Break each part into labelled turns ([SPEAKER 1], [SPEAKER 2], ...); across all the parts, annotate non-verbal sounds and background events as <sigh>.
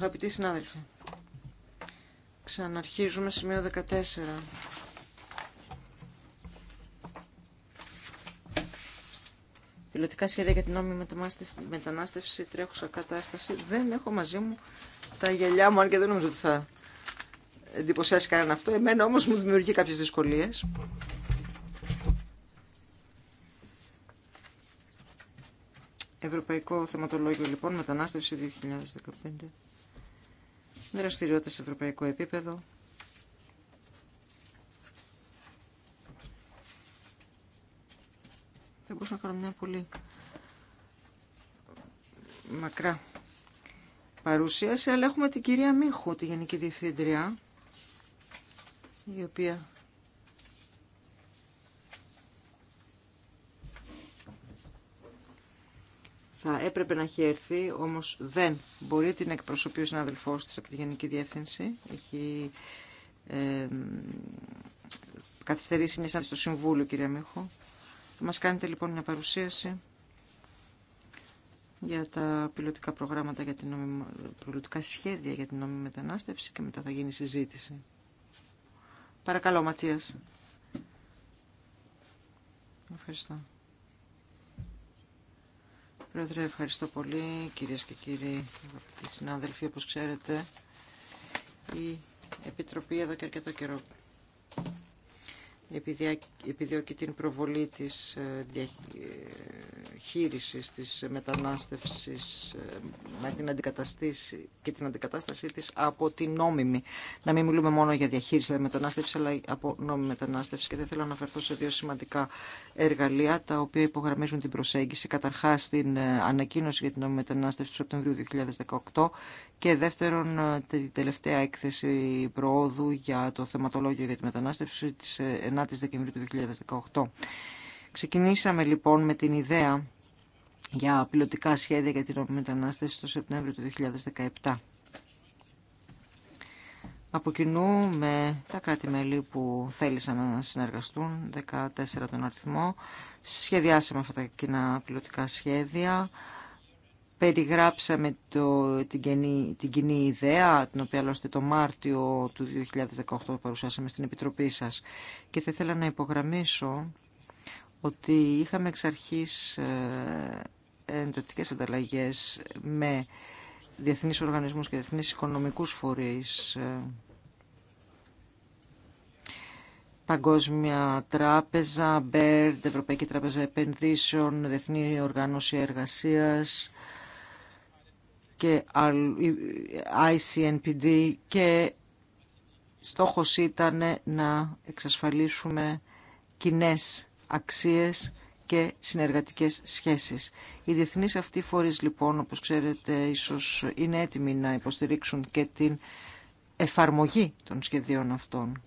[SPEAKER 1] Αγαπητοί συνάδελφοι, ξαναρχίζουμε σημείο 14. Πιλωτικά σχέδια για την νόμιμη μετανάστευση, τρέχουσα κατάσταση. Δεν έχω μαζί μου τα γυαλιά μου, αν και δεν νομίζω ότι θα εντυπωσιάσει κανένα αυτό. Εμένα όμως μου δημιουργεί κάποιες δυσκολίες. Ευρωπαϊκό Θεματολόγιο λοιπόν, Μετανάστευση 2015 δραστηριότητα σε ευρωπαϊκό επίπεδο. Θα μπορούσα να κάνω μια πολύ μακρά παρουσίαση, αλλά έχουμε την κυρία Μίχο, τη Γενική Διευθύντρια, η οποία θα έπρεπε να έχει έρθει, όμως δεν μπορεί την εκπροσωπεί ο συνάδελφός της από τη Γενική Διεύθυνση. Έχει καθυστερήσει μια στο Συμβούλιο, κυρία Μίχο. Θα μας κάνετε λοιπόν μια παρουσίαση για τα πιλωτικά προγράμματα, για την σχέδια για την νόμιμη μετανάστευση και μετά θα γίνει συζήτηση. Παρακαλώ, Ματσίας. Ευχαριστώ. Πρόεδρε, ευχαριστώ πολύ. Κυρίες και κύριοι, αγαπητοί συνάδελφοι, όπως ξέρετε, η Επιτροπή εδώ και αρκετό καιρό επιδιώκει την προβολή της ε, διαχείρισης της μετανάστευσης ε, την αντικαταστήση και την αντικατάστασή της από την νόμιμη. Να μην μιλούμε μόνο για διαχείριση δηλαδή μετανάστευση αλλά από νόμιμη μετανάστευση και θα ήθελα να αναφερθώ σε δύο σημαντικά εργαλεία τα οποία υπογραμμίζουν την προσέγγιση καταρχάς την ε, ανακοίνωση για την νόμιμη μετανάστευση του Σεπτεμβρίου 2018 και δεύτερον την τελευταία έκθεση προόδου για το θεματολόγιο για τη μετανάστευση της 9 Δεκεμβρίου του 2018. Ξεκινήσαμε λοιπόν με την ιδέα για πιλωτικά σχέδια για την μετανάστευση το Σεπτέμβριο του 2017. Από κοινού με τα κράτη-μέλη που θέλησαν να συνεργαστούν, 14 τον αριθμό, σχεδιάσαμε αυτά τα κοινά πιλωτικά σχέδια περιγράψαμε το, την, κοινή, την ιδέα, την οποία άλλωστε το Μάρτιο του 2018 παρουσιάσαμε στην Επιτροπή σας. Και θα ήθελα να υπογραμμίσω ότι είχαμε εξ αρχής ε, εντατικές ανταλλαγές με διεθνείς οργανισμούς και διεθνείς οικονομικούς φορείς ε, Παγκόσμια Τράπεζα, BERD, Ευρωπαϊκή Τράπεζα Επενδύσεων, Διεθνή Οργάνωση Εργασίας, και ICNPD και στόχος ήταν να εξασφαλίσουμε κοινέ αξίες και συνεργατικές σχέσεις. Οι διεθνείς αυτοί φορείς λοιπόν, όπως ξέρετε, ίσως είναι έτοιμοι να υποστηρίξουν και την εφαρμογή των σχεδίων αυτών.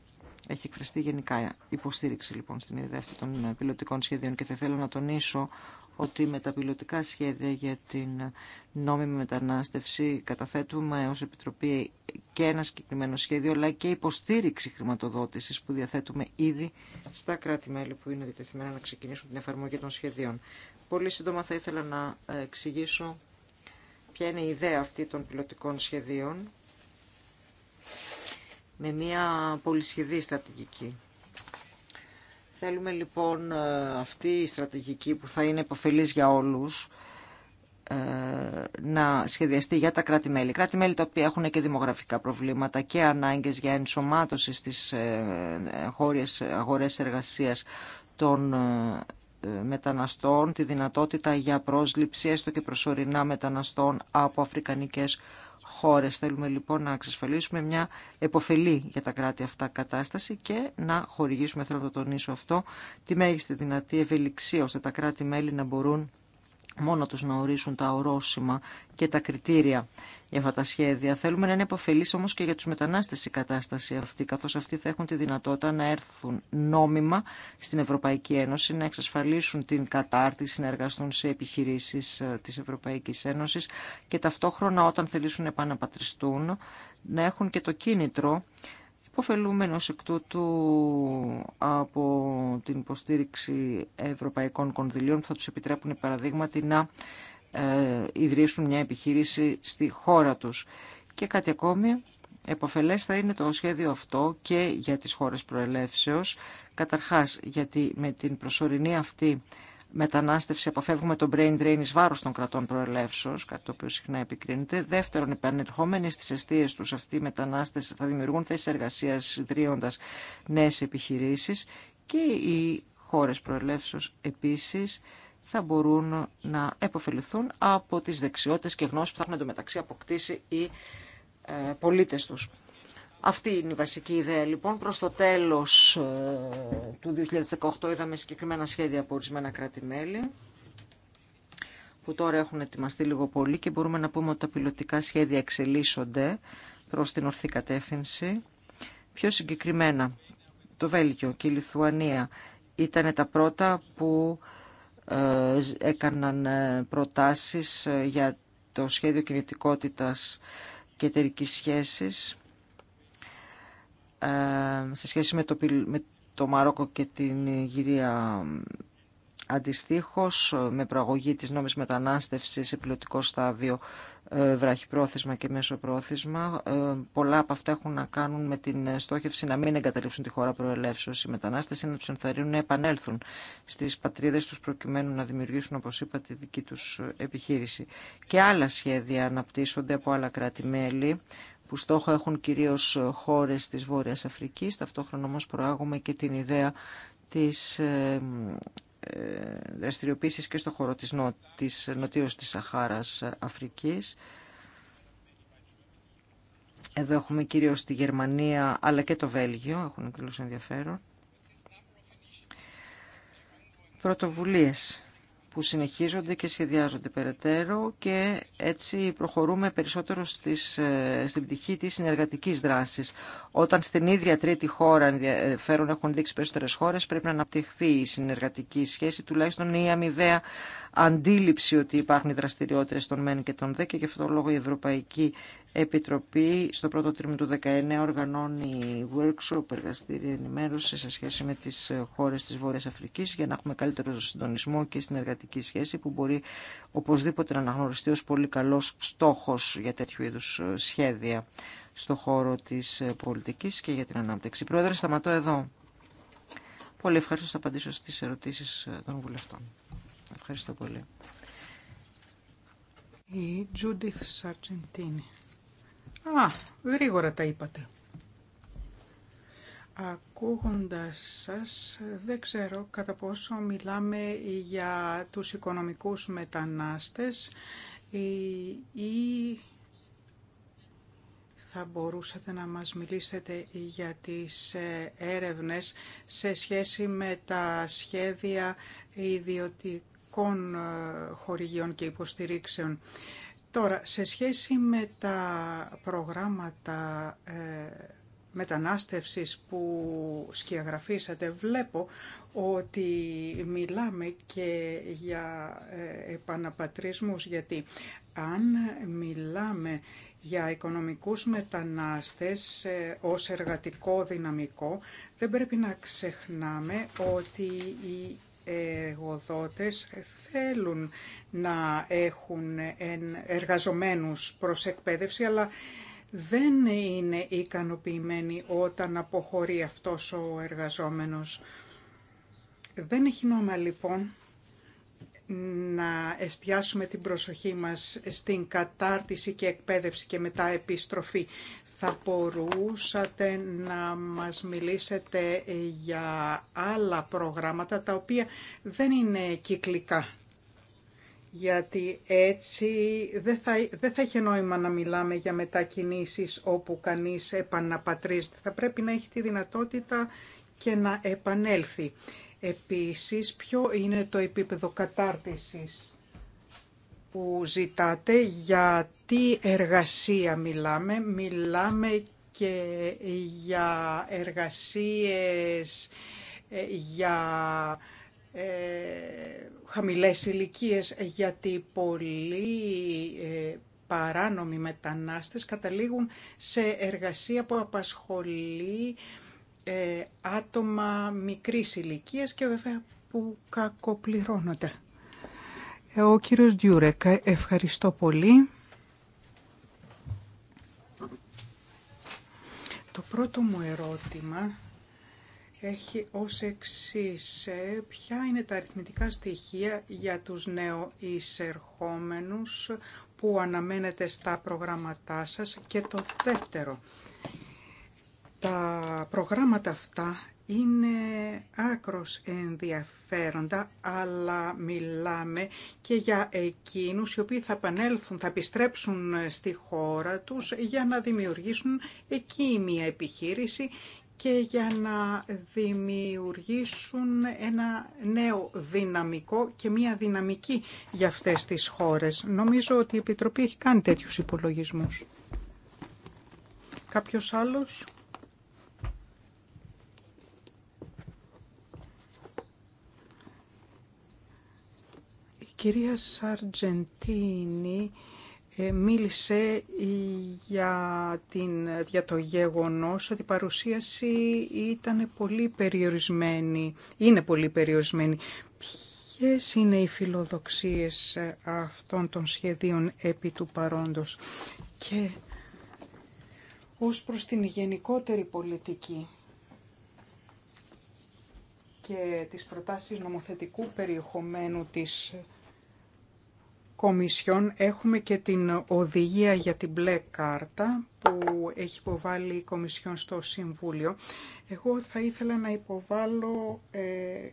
[SPEAKER 1] Έχει εκφραστεί γενικά υποστήριξη λοιπόν στην ιδέα αυτή των πιλωτικών σχεδίων και θα θέλω να τονίσω ότι με τα πιλωτικά σχέδια για την νόμιμη μετανάστευση καταθέτουμε ως Επιτροπή και ένα συγκεκριμένο σχέδιο, αλλά και υποστήριξη χρηματοδότησης που διαθέτουμε ήδη στα κράτη-μέλη που είναι διτεθειμένα να ξεκινήσουν την εφαρμογή των σχεδίων. Πολύ σύντομα θα ήθελα να εξηγήσω ποια είναι η ιδέα αυτή των πιλωτικών σχεδίων με μια πολυσχεδή στρατηγική. Θέλουμε λοιπόν ε, αυτή η στρατηγική που θα είναι υποφελής για όλους ε, να σχεδιαστεί για τα κράτη-μέλη. Κράτη-μέλη τα οποία έχουν και δημογραφικά προβλήματα και ανάγκες για ενσωμάτωση στις ε, χώρες, αγορές εργασίας των μεταναστών, τη δυνατότητα για πρόσληψη έστω και προσωρινά μεταναστών από αφρικανικές χώρες. Θέλουμε λοιπόν να εξασφαλίσουμε μια εποφελή για τα κράτη αυτά κατάσταση και να χορηγήσουμε, θέλω να το τονίσω αυτό, τη μέγιστη δυνατή ευελιξία ώστε τα κράτη-μέλη να μπορούν μόνο τους να ορίσουν τα ορόσημα και τα κριτήρια για αυτά τα σχέδια. Θέλουμε να είναι επωφελής όμως και για τους μετανάστες η κατάσταση αυτή, καθώς αυτοί θα έχουν τη δυνατότητα να έρθουν νόμιμα στην Ευρωπαϊκή Ένωση, να εξασφαλίσουν την κατάρτιση, να εργαστούν σε επιχειρήσεις ε, της Ευρωπαϊκής Ένωσης και ταυτόχρονα όταν θελήσουν να επαναπατριστούν, να έχουν και το κίνητρο υποφελούμενος εκ τούτου από την υποστήριξη ευρωπαϊκών κονδυλίων που θα τους επιτρέπουν παραδείγματι να ε, ιδρύσουν μια επιχείρηση στη χώρα τους. Και κάτι ακόμη, εποφελές θα είναι το σχέδιο αυτό και για τις χώρες προελεύσεως. Καταρχάς, γιατί με την προσωρινή αυτή μετανάστευση αποφεύγουμε τον brain drain ει βάρος των κρατών προελεύσεω, κάτι το οποίο συχνά επικρίνεται. Δεύτερον, οι επανερχόμενοι στις αιστείε τους αυτοί οι μετανάστες θα δημιουργούν θέσει εργασία, ιδρύοντας νέες επιχειρήσεις και οι χώρες προελεύσεως επίσης θα μπορούν να επωφεληθούν από τις δεξιότητες και γνώσεις που θα έχουν εντωμεταξύ αποκτήσει οι ε, πολίτες τους. Αυτή είναι η βασική ιδέα λοιπόν. Προς το τέλος ε, του 2018 είδαμε συγκεκριμένα σχέδια από ορισμένα κράτη-μέλη που τώρα έχουν ετοιμαστεί λίγο πολύ και μπορούμε να πούμε ότι τα πιλωτικά σχέδια εξελίσσονται προς την ορθή κατεύθυνση. Πιο συγκεκριμένα, το Βέλγιο και η Λιθουανία ήταν τα πρώτα που ε, έκαναν ε, προτάσεις για το σχέδιο κινητικότητας και εταιρικής σχέσης ε, σε σχέση με το, με το Μαρόκο και την Ιγυρία Αντιστοίχω, με προαγωγή της νόμης μετανάστευσης σε πιλωτικό στάδιο ε, βραχυπρόθεσμα και μέσοπρόθεσμα. Ε, πολλά από αυτά έχουν να κάνουν με την στόχευση να μην εγκαταλείψουν τη χώρα προελεύσεως οι μετανάστες ή να τους ενθαρρύνουν να επανέλθουν στις πατρίδες τους προκειμένου να δημιουργήσουν, όπως είπα, τη δική τους επιχείρηση. Και άλλα σχέδια αναπτύσσονται από άλλα κράτη-μέλη που στόχο έχουν κυρίως χώρες της Βόρειας Αφρικής. Ταυτόχρονα όμως προάγουμε και την ιδέα της ε, ε, δραστηριοποίησης και στο χώρο της, νο... της νοτίως της Σαχάρας Αφρικής. Εδώ έχουμε κυρίως τη Γερμανία αλλά και το Βέλγιο, έχουν εκδηλώσει ενδιαφέρον. Πρωτοβουλίες που συνεχίζονται και σχεδιάζονται περαιτέρω και έτσι προχωρούμε περισσότερο στις, ε, στην πτυχή της συνεργατικής δράσης. Όταν στην ίδια τρίτη χώρα ενδιαφέρον έχουν δείξει περισσότερες χώρες πρέπει να αναπτυχθεί η συνεργατική σχέση, τουλάχιστον η αμοιβαία αντίληψη ότι υπάρχουν οι δραστηριότητε των ΜΕΝ και των ΔΕ και γι' αυτόν τον λόγο η Ευρωπαϊκή Επιτροπή στο πρώτο τρίμηνο του 2019 οργανώνει workshop, εργαστήρια ενημέρωση σε σχέση με τι χώρε τη Βόρειας Αφρική, για να έχουμε καλύτερο συντονισμό και συνεργατική σχέση που μπορεί οπωσδήποτε να αναγνωριστεί ω πολύ καλό στόχο για τέτοιου είδου σχέδια στο χώρο τη πολιτική και για την ανάπτυξη. Πρόεδρε, σταματώ εδώ. Πολύ ευχαριστώ απαντήσω στις ερωτήσεις των βουλευτών. Ευχαριστώ πολύ. Η Τζούντιθ Σαρτζεντίνη.
[SPEAKER 2] Α, γρήγορα τα είπατε. Ακούγοντας σας, δεν ξέρω κατά πόσο μιλάμε για τους οικονομικούς μετανάστες ή θα μπορούσατε να μας μιλήσετε για τις ε, έρευνες σε σχέση με τα σχέδια ιδιωτικού ευρωπαϊκών ε, χορηγιών και υποστηρίξεων. Τώρα, σε σχέση με τα προγράμματα ε, μετανάστευσης που σκιαγραφίσατε, βλέπω ότι μιλάμε και για ε, επαναπατρισμούς, γιατί αν μιλάμε για οικονομικούς μετανάστες ως εργατικό δυναμικό, δεν πρέπει να ξεχνάμε ότι οι εργοδότες θέλουν να έχουν εργαζομένους προς εκπαίδευση, αλλά δεν είναι ικανοποιημένοι όταν αποχωρεί αυτός ο εργαζόμενος. Δεν έχει νόημα λοιπόν να εστιάσουμε την προσοχή μας στην κατάρτιση και εκπαίδευση και μετά επιστροφή θα μπορούσατε να μας μιλήσετε για άλλα προγράμματα τα οποία δεν είναι κυκλικά. Γιατί έτσι δεν θα, δεν θα έχει νόημα να μιλάμε για μετακινήσεις όπου κανείς επαναπατρίζεται. Θα πρέπει να έχει τη δυνατότητα και να επανέλθει. Επίσης, ποιο είναι το επίπεδο κατάρτισης που ζητάτε, για τι εργασία μιλάμε. Μιλάμε και για εργασίες ε, για ε, χαμηλές ηλικίες, γιατί πολλοί ε, παράνομοι μετανάστες καταλήγουν σε εργασία που απασχολεί ε, άτομα μικρής ηλικίας και βέβαια που κακοπληρώνονται. Ε, ο κύριος Διούρεκα, ε, ευχαριστώ πολύ. Το πρώτο μου ερώτημα έχει ως εξής. Ε, ποια είναι τα αριθμητικά στοιχεία για τους νεοεισερχόμενους που αναμένετε στα προγράμματά σας. Και το δεύτερο, τα προγράμματα αυτά είναι άκρος ενδιαφέροντα, αλλά μιλάμε και για εκείνους οι οποίοι θα επανέλθουν, θα επιστρέψουν στη χώρα τους για να δημιουργήσουν εκεί μια επιχείρηση και για να δημιουργήσουν ένα νέο δυναμικό και μια δυναμική για αυτές τις χώρες. Νομίζω ότι η Επιτροπή έχει κάνει τέτοιους υπολογισμούς. Κάποιος άλλος. κυρία Σαρτζεντίνη ε, μίλησε για, την, για το γεγονός ότι η παρουσίαση ήταν πολύ περιορισμένη, είναι πολύ περιορισμένη. Ποιες είναι οι φιλοδοξίες ε, αυτών των σχεδίων επί του παρόντος και ως προς την γενικότερη πολιτική και τις προτάσεις νομοθετικού περιεχομένου της έχουμε και την οδηγία για την μπλε κάρτα που έχει υποβάλει η Κομισιόν στο Συμβούλιο. Εγώ θα ήθελα να υποβάλω ε,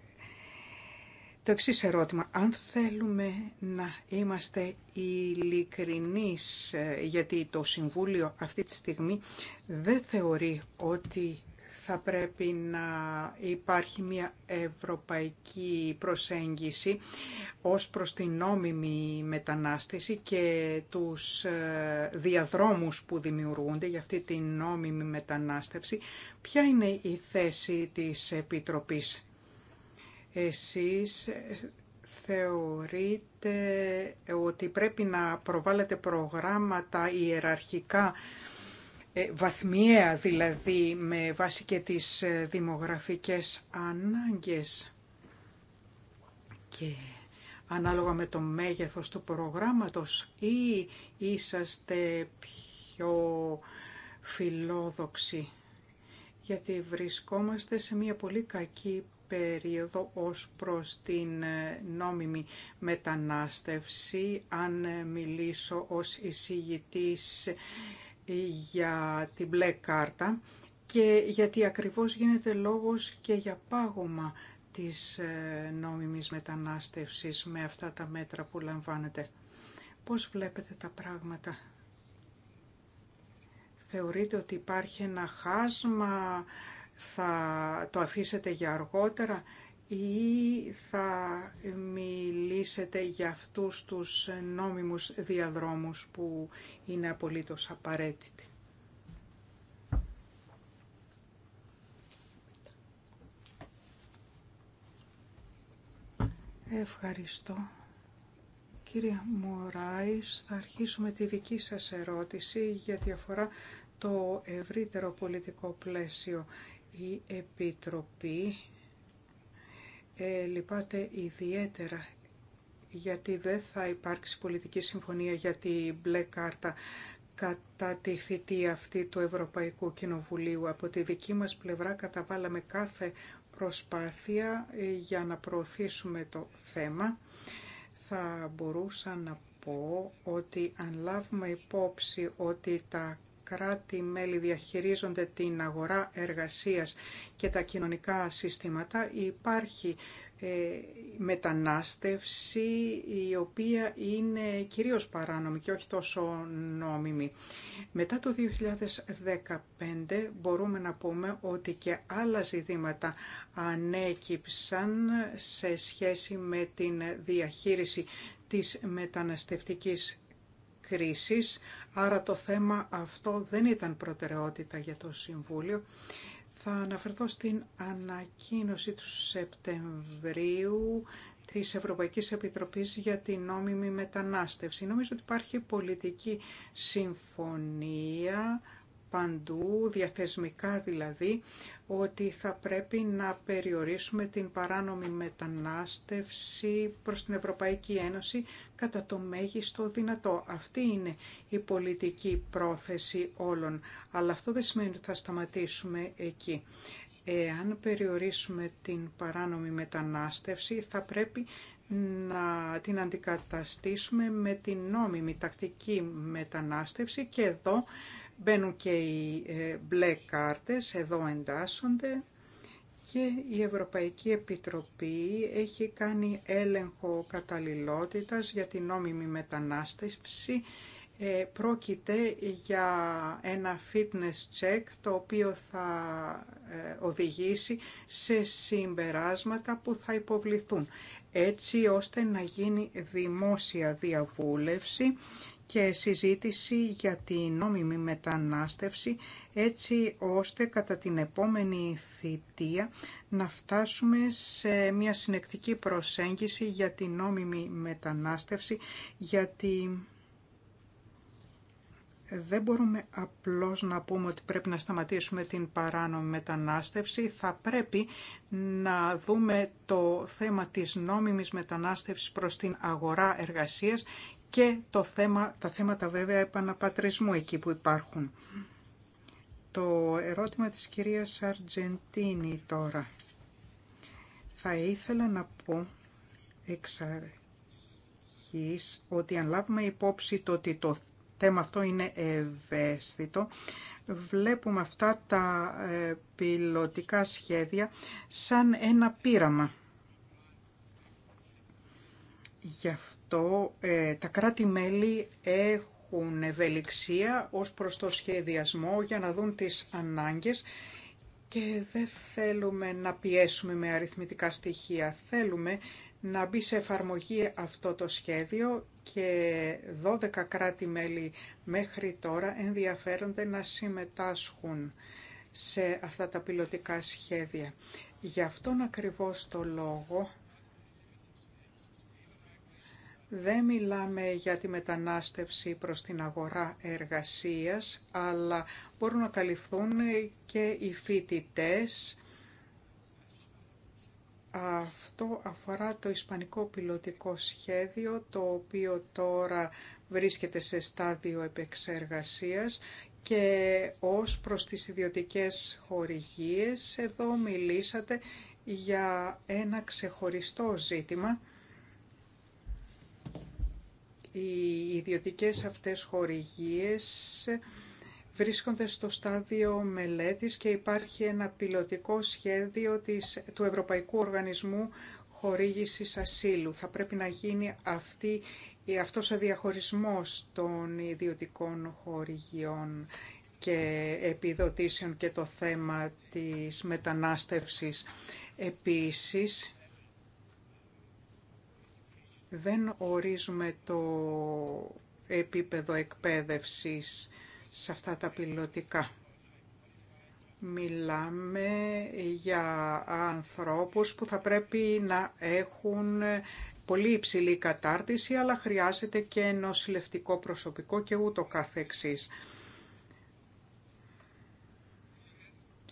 [SPEAKER 2] το εξή ερώτημα. Αν θέλουμε να είμαστε ειλικρινεί ε, γιατί το Συμβούλιο αυτή τη στιγμή δεν θεωρεί ότι θα πρέπει να υπάρχει μια ευρωπαϊκή προσέγγιση ως προς την νόμιμη μετανάστευση και τους ε, διαδρόμους που δημιουργούνται για αυτή την νόμιμη μετανάστευση. Ποια είναι η θέση της Επιτροπής. Εσείς ε, θεωρείτε ότι πρέπει να προβάλλετε προγράμματα ιεραρχικά ε, βαθμιαία δηλαδή με βάση και τις ε, δημογραφικές ανάγκες και ανάλογα με το μέγεθος του προγράμματος ή είσαστε πιο φιλόδοξοι γιατί βρισκόμαστε σε μια πολύ κακή περίοδο ως προς την ε, νόμιμη μετανάστευση αν μιλήσω ως εισηγητής για την μπλε κάρτα και γιατί ακριβώς γίνεται λόγος και για πάγωμα της ε, νόμιμης μετανάστευσης με αυτά τα μέτρα που λαμβάνετε. Πώς βλέπετε τα πράγματα. Θεωρείτε ότι υπάρχει ένα χάσμα, θα το αφήσετε για αργότερα ή θα μιλήσετε για αυτούς τους νόμιμους διαδρόμους που είναι απολύτως απαραίτητοι. Ευχαριστώ. Κύριε Μωράης, θα αρχίσουμε τη δική σας ερώτηση γιατί αφορά το ευρύτερο πολιτικό πλαίσιο. Η Επιτροπή ε, λυπάται ιδιαίτερα γιατί δεν θα υπάρξει πολιτική συμφωνία για τη μπλε κάρτα κατά τη θητεία αυτή του Ευρωπαϊκού Κοινοβουλίου. Από τη δική μας πλευρά καταβάλαμε κάθε προσπάθεια ε, για να προωθήσουμε το θέμα. Θα μπορούσα να πω ότι αν λάβουμε υπόψη ότι τα κράτη-μέλη διαχειρίζονται την αγορά εργασίας και τα κοινωνικά συστήματα, υπάρχει ε, μετανάστευση η οποία είναι κυρίως παράνομη και όχι τόσο νόμιμη. Μετά το 2015 μπορούμε να πούμε ότι και άλλα ζητήματα ανέκυψαν σε σχέση με την διαχείριση της μεταναστευτικής κρίσης Άρα το θέμα αυτό δεν ήταν προτεραιότητα για το Συμβούλιο. Θα αναφερθώ στην ανακοίνωση του Σεπτεμβρίου της Ευρωπαϊκής Επιτροπής για την νόμιμη μετανάστευση. Νομίζω ότι υπάρχει πολιτική συμφωνία παντού, διαθεσμικά δηλαδή, ότι θα πρέπει να περιορίσουμε την παράνομη μετανάστευση προς την Ευρωπαϊκή Ένωση κατά το μέγιστο δυνατό. Αυτή είναι η πολιτική πρόθεση όλων, αλλά αυτό δεν σημαίνει ότι θα σταματήσουμε εκεί. Εάν περιορίσουμε την παράνομη μετανάστευση θα πρέπει να την αντικαταστήσουμε με την νόμιμη τακτική μετανάστευση και εδώ Μπαίνουν και οι ε, μπλε κάρτες, εδώ εντάσσονται και η Ευρωπαϊκή Επιτροπή έχει κάνει έλεγχο καταλληλότητας για την νόμιμη μετανάστευση. Ε, πρόκειται για ένα fitness check το οποίο θα ε, οδηγήσει σε συμπεράσματα που θα υποβληθούν έτσι ώστε να γίνει δημόσια διαβούλευση και συζήτηση για την νόμιμη μετανάστευση έτσι ώστε κατά την επόμενη θητεία να φτάσουμε σε μια συνεκτική προσέγγιση για την νόμιμη μετανάστευση γιατί δεν μπορούμε απλώς να πούμε ότι πρέπει να σταματήσουμε την παράνομη μετανάστευση. Θα πρέπει να δούμε το θέμα της νόμιμης μετανάστευσης προς την αγορά εργασίας και το θέμα, τα θέματα βέβαια επαναπατρισμού εκεί που υπάρχουν. Το ερώτημα της κυρίας Αργεντίνη τώρα. Θα ήθελα να πω εξ αρχής ότι αν λάβουμε υπόψη το ότι το θέμα αυτό είναι ευαίσθητο, βλέπουμε αυτά τα ε, πιλωτικά σχέδια σαν ένα πείραμα Γι' αυτό ε, τα κράτη-μέλη έχουν ευελιξία ως προς το σχεδιασμό για να δουν τις ανάγκες και δεν θέλουμε να πιέσουμε με αριθμητικά στοιχεία. Θέλουμε να μπει σε εφαρμογή αυτό το σχέδιο και 12 κράτη-μέλη μέχρι τώρα ενδιαφέρονται να συμμετάσχουν σε αυτά τα πιλωτικά σχέδια. Γι' αυτόν ακριβώς το λόγο δεν μιλάμε για τη μετανάστευση προς την αγορά εργασίας, αλλά μπορούν να καλυφθούν και οι φοιτητέ. Αυτό αφορά το ισπανικό πιλωτικό σχέδιο, το οποίο τώρα βρίσκεται σε στάδιο επεξεργασίας και ως προς τις ιδιωτικές χορηγίες, εδώ μιλήσατε για ένα ξεχωριστό ζήτημα οι ιδιωτικές αυτές χορηγίες βρίσκονται στο στάδιο μελέτης και υπάρχει ένα πιλωτικό σχέδιο της, του Ευρωπαϊκού Οργανισμού Χορήγησης Ασύλου. Θα πρέπει να γίνει αυτή, αυτός ο διαχωρισμός των ιδιωτικών χορηγιών και επιδοτήσεων και το θέμα της μετανάστευσης. Επίσης, δεν ορίζουμε το επίπεδο εκπαίδευσης σε αυτά τα πιλωτικά. Μιλάμε για ανθρώπους που θα πρέπει να έχουν πολύ υψηλή κατάρτιση, αλλά χρειάζεται και νοσηλευτικό προσωπικό και ούτω καθεξής.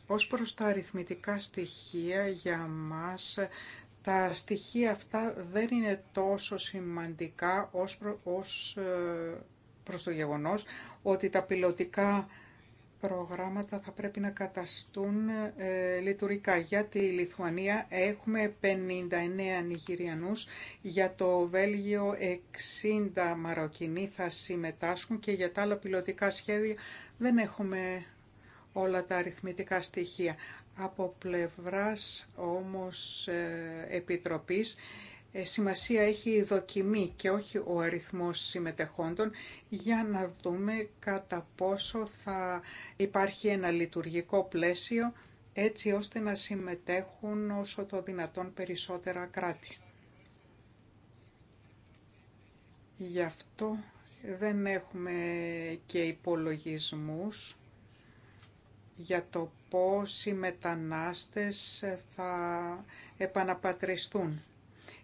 [SPEAKER 2] Ως προς τα αριθμητικά στοιχεία για μας τα στοιχεία αυτά δεν είναι τόσο σημαντικά ως, προ, ως ε, προς το γεγονός ότι τα πιλωτικά προγράμματα θα πρέπει να καταστούν ε, λειτουργικά. Για τη Λιθουανία έχουμε 59 Νιγηριανούς, για το Βέλγιο 60 Μαροκινοί θα συμμετάσχουν και για τα άλλα πιλωτικά σχέδια δεν έχουμε όλα τα αριθμητικά στοιχεία. Από πλευράς όμως ε, επιτροπής ε, σημασία έχει η δοκιμή και όχι ο αριθμός συμμετεχόντων για να δούμε κατά πόσο θα υπάρχει ένα λειτουργικό πλαίσιο έτσι ώστε να συμμετέχουν όσο το δυνατόν περισσότερα κράτη. Γι' αυτό δεν έχουμε και υπολογισμούς για το οι μετανάστες θα επαναπατριστούν.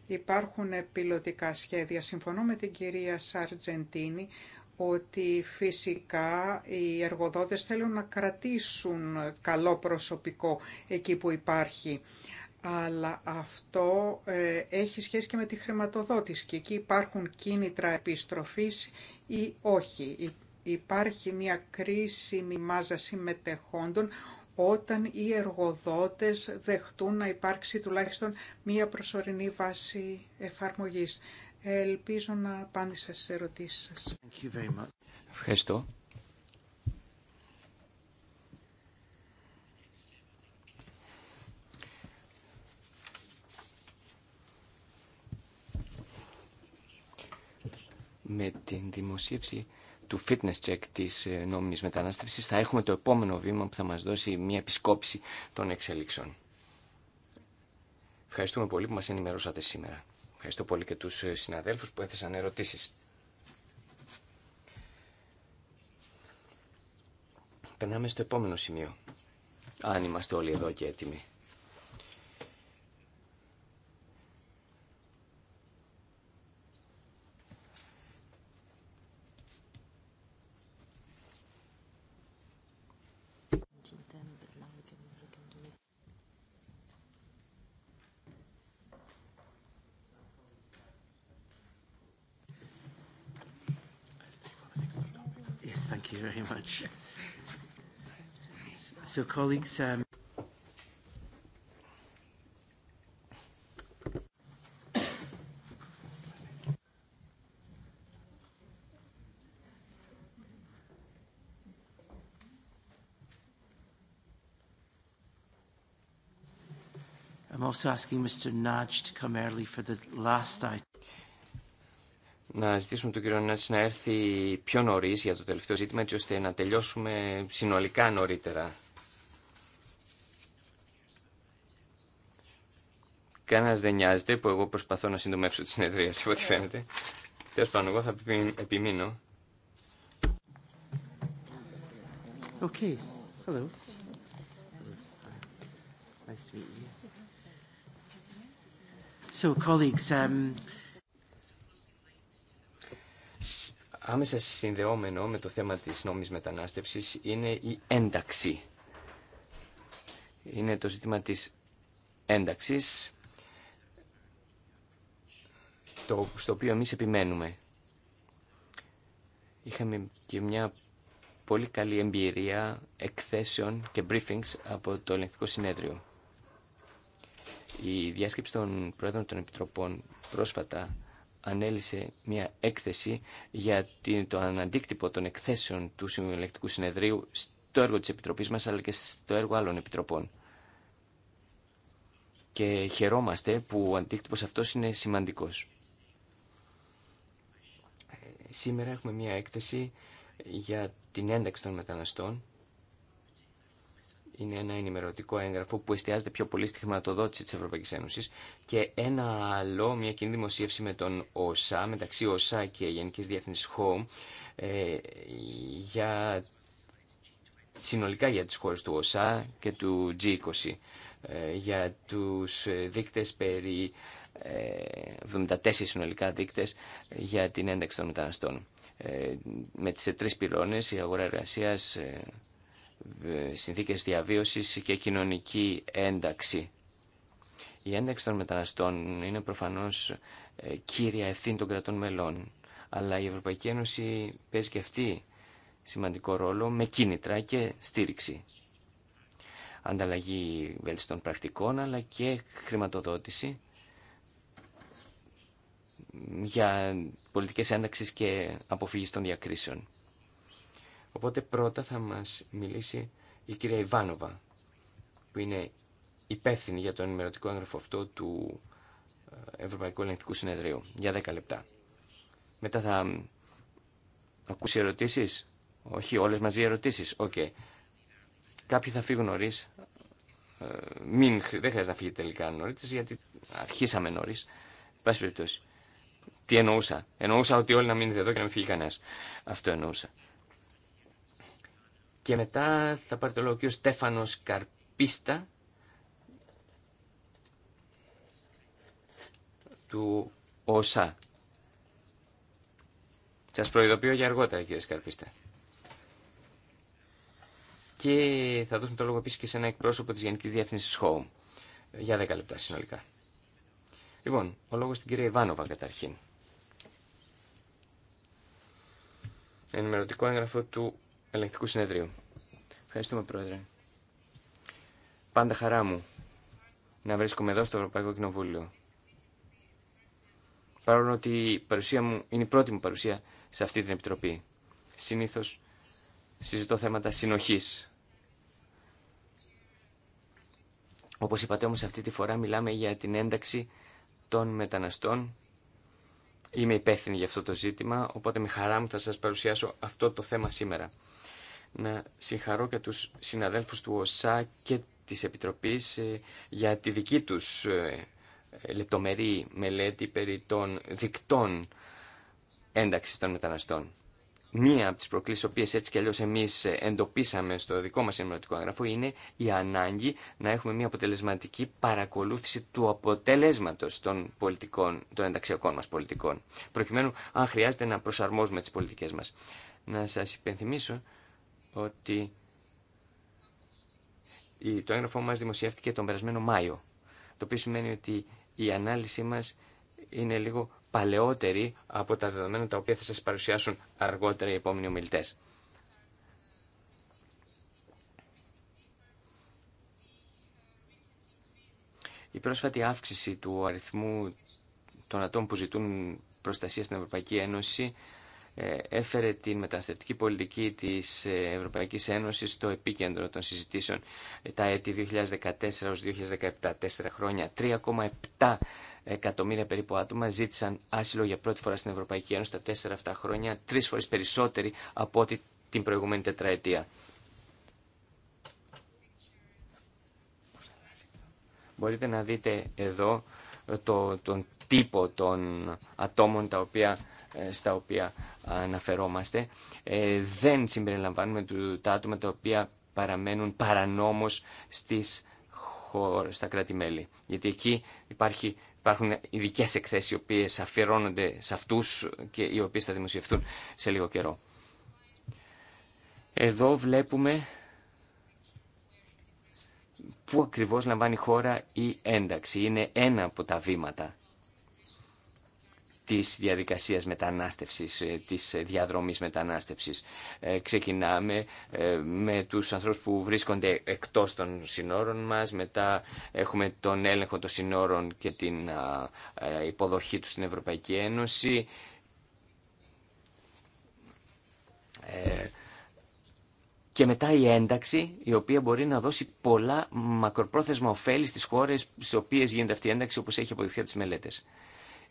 [SPEAKER 2] Υπάρχουν πιλωτικά σχέδια. Συμφωνώ με την κυρία Σαρτζεντίνη ότι φυσικά οι εργοδότες θέλουν να κρατήσουν καλό προσωπικό εκεί που υπάρχει. Αλλά αυτό ε, έχει σχέση και με τη χρηματοδότηση και εκεί υπάρχουν κίνητρα επιστροφής ή όχι. Υπάρχει μια κρίσιμη μάζα συμμετεχόντων όταν οι εργοδότες δεχτούν να υπάρξει τουλάχιστον μία προσωρινή βάση εφαρμογής. Ελπίζω να απάντησα στις ερωτήσεις σας.
[SPEAKER 3] Ευχαριστώ. Με την δημοσίευση του fitness check της ε, νόμιμης μετανάστευσης θα έχουμε το επόμενο βήμα που θα μας δώσει μια επισκόπηση των εξέλιξεων. Ευχαριστούμε πολύ που μας ενημερώσατε σήμερα. Ευχαριστώ πολύ και τους ε, συναδέλφους που έθεσαν ερωτήσεις. Περνάμε στο επόμενο σημείο. Αν είμαστε όλοι εδώ και έτοιμοι.
[SPEAKER 4] very much. So, colleagues, um... I'm also asking Mr. Naj to come early for the last item
[SPEAKER 3] να ζητήσουμε τον κύριο Νέτσι να έρθει πιο νωρίς για το τελευταίο ζήτημα, έτσι ώστε να τελειώσουμε συνολικά νωρίτερα. Κανένα δεν νοιάζεται που εγώ προσπαθώ να συντομεύσω τη συνεδρία, σε ό,τι φαίνεται. Τέλο πάντων, εγώ θα επιμείνω.
[SPEAKER 4] Okay. Hello. So, colleagues, um,
[SPEAKER 3] Άμεσα συνδεόμενο με το θέμα της νόμιμης μετανάστευσης είναι η ένταξη. Είναι το ζήτημα της ένταξης, το, στο οποίο εμείς επιμένουμε. Είχαμε και μια πολύ καλή εμπειρία εκθέσεων και briefings από το ελεγκτικό συνέδριο. Η διάσκεψη των Πρόεδρων των Επιτροπών πρόσφατα ανέλησε μια έκθεση για το αντίκτυπο των εκθέσεων του Συμβουλευτικού Συνεδρίου στο έργο της Επιτροπής μας αλλά και στο έργο άλλων επιτροπών. Και χαιρόμαστε που ο αντίκτυπος αυτός είναι σημαντικός. Ε, σήμερα έχουμε μια έκθεση για την ένταξη των μεταναστών είναι ένα ενημερωτικό έγγραφο που εστιάζεται πιο πολύ στη χρηματοδότηση τη Ευρωπαϊκή Ένωση και ένα άλλο, μια κοινή δημοσίευση με τον ΟΣΑ, μεταξύ ΟΣΑ και Γενική Διεθνή Home, ε, για, συνολικά για τι χώρε του ΟΣΑ και του G20, ε, για του ε, δείκτες περί 74 συνολικά δείκτες για την ένταξη των μεταναστών. με τις τρεις πυρώνες, η αγορά εργασίας, ε, συνθήκες διαβίωσης και κοινωνική ένταξη. Η ένταξη των μεταναστών είναι προφανώς ε, κύρια ευθύνη των κρατών μελών, αλλά η Ευρωπαϊκή Ένωση παίζει και αυτή σημαντικό ρόλο με κίνητρα και στήριξη. Ανταλλαγή βέλτιστων πρακτικών, αλλά και χρηματοδότηση για πολιτικές ένταξης και αποφύγης των διακρίσεων. Οπότε πρώτα θα μας μιλήσει η κυρία Ιβάνοβα, που είναι υπεύθυνη για το ενημερωτικό έγγραφο αυτό του ε, Ευρωπαϊκού Ελεγκτικού Συνεδρίου, για 10 λεπτά. Μετά θα ακούσει ερωτήσεις. Όχι, όλες μαζί ερωτήσεις. Οκ. Okay. Κάποιοι θα φύγουν νωρί. Ε, δεν χρειάζεται να φύγει τελικά νωρί, γιατί αρχίσαμε νωρί. Πάση περιπτώσει. Τι εννοούσα. Εννοούσα ότι όλοι να μείνετε εδώ και να μην φύγει κανένα. Αυτό εννοούσα. Και μετά θα πάρει το λόγο και ο Στέφανος Καρπίστα του ΟΣΑ. Σας προειδοποιώ για αργότερα κύριε Σκαρπίστα. Και θα δώσουμε το λόγο επίσης και σε ένα εκπρόσωπο της Γενικής Διεύθυνσης Home. Για 10 λεπτά συνολικά. Λοιπόν, ο λόγος στην κυρία Ιβάνοβα καταρχήν. Ενημερωτικό έγγραφο του ελεγκτικού συνεδρίου. Ευχαριστούμε, Πρόεδρε. Πάντα χαρά μου να βρίσκομαι εδώ στο Ευρωπαϊκό Κοινοβούλιο. Παρόλο ότι η παρουσία μου είναι η πρώτη μου παρουσία σε αυτή την Επιτροπή. Συνήθως συζητώ θέματα συνοχής. Όπως είπατε όμως αυτή τη φορά μιλάμε για την ένταξη των μεταναστών. Είμαι υπεύθυνη για αυτό το ζήτημα, οπότε με χαρά μου θα σας παρουσιάσω αυτό το θέμα σήμερα να συγχαρώ και τους συναδέλφους του ΟΣΑ και της Επιτροπής ε, για τη δική τους ε, λεπτομερή μελέτη περί των δικτών ένταξης των μεταναστών. Μία από τις προκλήσεις, οποίες έτσι κι αλλιώς εμείς ε, εντοπίσαμε στο δικό μας ενημερωτικό έγγραφο, είναι η ανάγκη να έχουμε μια αποτελεσματική παρακολούθηση του αποτελέσματος των, πολιτικών, των ενταξιακών μας πολιτικών, προκειμένου αν χρειάζεται να προσαρμόζουμε τις πολιτικές μας. Να σας υπενθυμίσω ότι το έγγραφό μας δημοσιεύτηκε τον περασμένο Μάιο, το οποίο σημαίνει ότι η ανάλυση μας είναι λίγο παλαιότερη από τα δεδομένα τα οποία θα σας παρουσιάσουν αργότερα οι επόμενοι ομιλητές. Η πρόσφατη αύξηση του αριθμού των ατόμων που ζητούν προστασία στην Ευρωπαϊκή Ένωση ε, έφερε την μεταναστευτική πολιτική της ε, Ευρωπαϊκής Ένωσης στο επίκεντρο των συζητήσεων ε, τα έτη 2014-2017, τέσσερα χρόνια, 3,7 εκατομμύρια περίπου άτομα ζήτησαν άσυλο για πρώτη φορά στην Ευρωπαϊκή Ένωση τα τέσσερα αυτά χρόνια, τρει φορές περισσότεροι από ό,τι την προηγούμενη τετραετία. Μπορείτε να δείτε εδώ το, τον τύπο των ατόμων τα οποία ε, στα οποία αναφερόμαστε ε, δεν συμπεριλαμβάνουμε τα άτομα τα οποία παραμένουν παρανόμως στις χώρες, στα κράτη-μέλη. Γιατί εκεί υπάρχει, υπάρχουν ειδικέ εκθέσεις οι οποίες αφιερώνονται σε αυτούς και οι οποίες θα δημοσιευθούν σε λίγο καιρό. Εδώ βλέπουμε πού ακριβώς λαμβάνει η χώρα η ένταξη. Είναι ένα από τα βήματα της διαδικασίας μετανάστευσης, ε, της ε, διαδρομής μετανάστευσης. Ε, ξεκινάμε με τους ανθρώπους που βρίσκονται εκτός των συνόρων μας, μετά έχουμε τον έλεγχο των συνόρων και την υποδοχή του στην Ευρωπαϊκή Ένωση. Και μετά η ένταξη, η οποία μπορεί να δώσει πολλά μακροπρόθεσμα ωφέλη στις χώρες στις οποίες γίνεται αυτή η ένταξη, όπως έχει αποδειχθεί από τις μελέτες.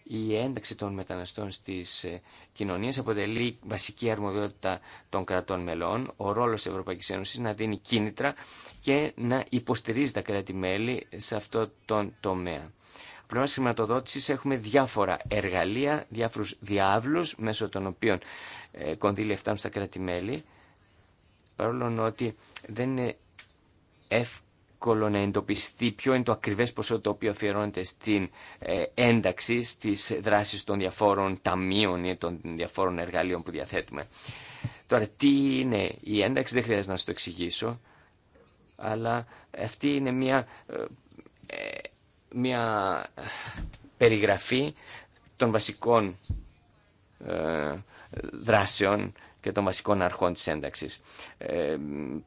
[SPEAKER 3] Η ένταξη των μεταναστών στις ε, κοινωνίες αποτελεί βασική αρμοδιότητα των κρατών μελών. Ο ρόλος της Ευρωπαϊκής Ένωσης να δίνει κίνητρα και να υποστηρίζει τα κράτη-μέλη σε αυτό τον τομέα. Πλευρά χρηματοδότηση έχουμε διάφορα εργαλεία, διάφορους διάβλους μέσω των οποίων ε, κονδύλια φτάνουν στα κράτη-μέλη. Παρόλο ότι δεν είναι εύκολο εύκολο να εντοπιστεί ποιο είναι το ακριβές ποσό το οποίο αφιερώνεται στην ε, ένταξη, στις δράσεις των διαφόρων ταμείων ή των διαφόρων εργαλείων που διαθέτουμε. Τώρα, τι είναι η ένταξη, δεν χρειάζεται να σας το εξηγήσω, αλλά αυτή είναι μια, ε, ε, μια περιγραφή των βασικών δράσεων και των βασικών αρχών της ένταξης. Ε,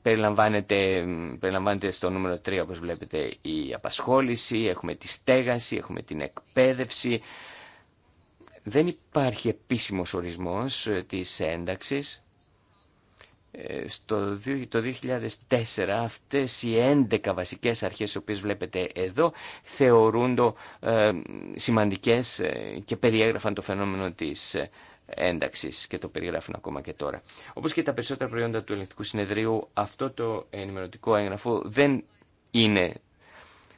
[SPEAKER 3] περιλαμβάνεται, περιλαμβάνεται στο νούμερο 3, όπως βλέπετε, η απασχόληση, έχουμε τη στέγαση, έχουμε την εκπαίδευση. Δεν υπάρχει επίσημος ορισμός ε, της ένταξης. Ε, στο, το 2004 αυτές οι 11 βασικές αρχές, οι οποίες βλέπετε εδώ, θεωρούνται ε, σημαντικές ε, και περιέγραφαν το φαινόμενο της και το περιγράφουν ακόμα και τώρα. Όπω και τα περισσότερα προϊόντα του ελεγκτικού συνεδρίου, αυτό το ενημερωτικό έγγραφο δεν είναι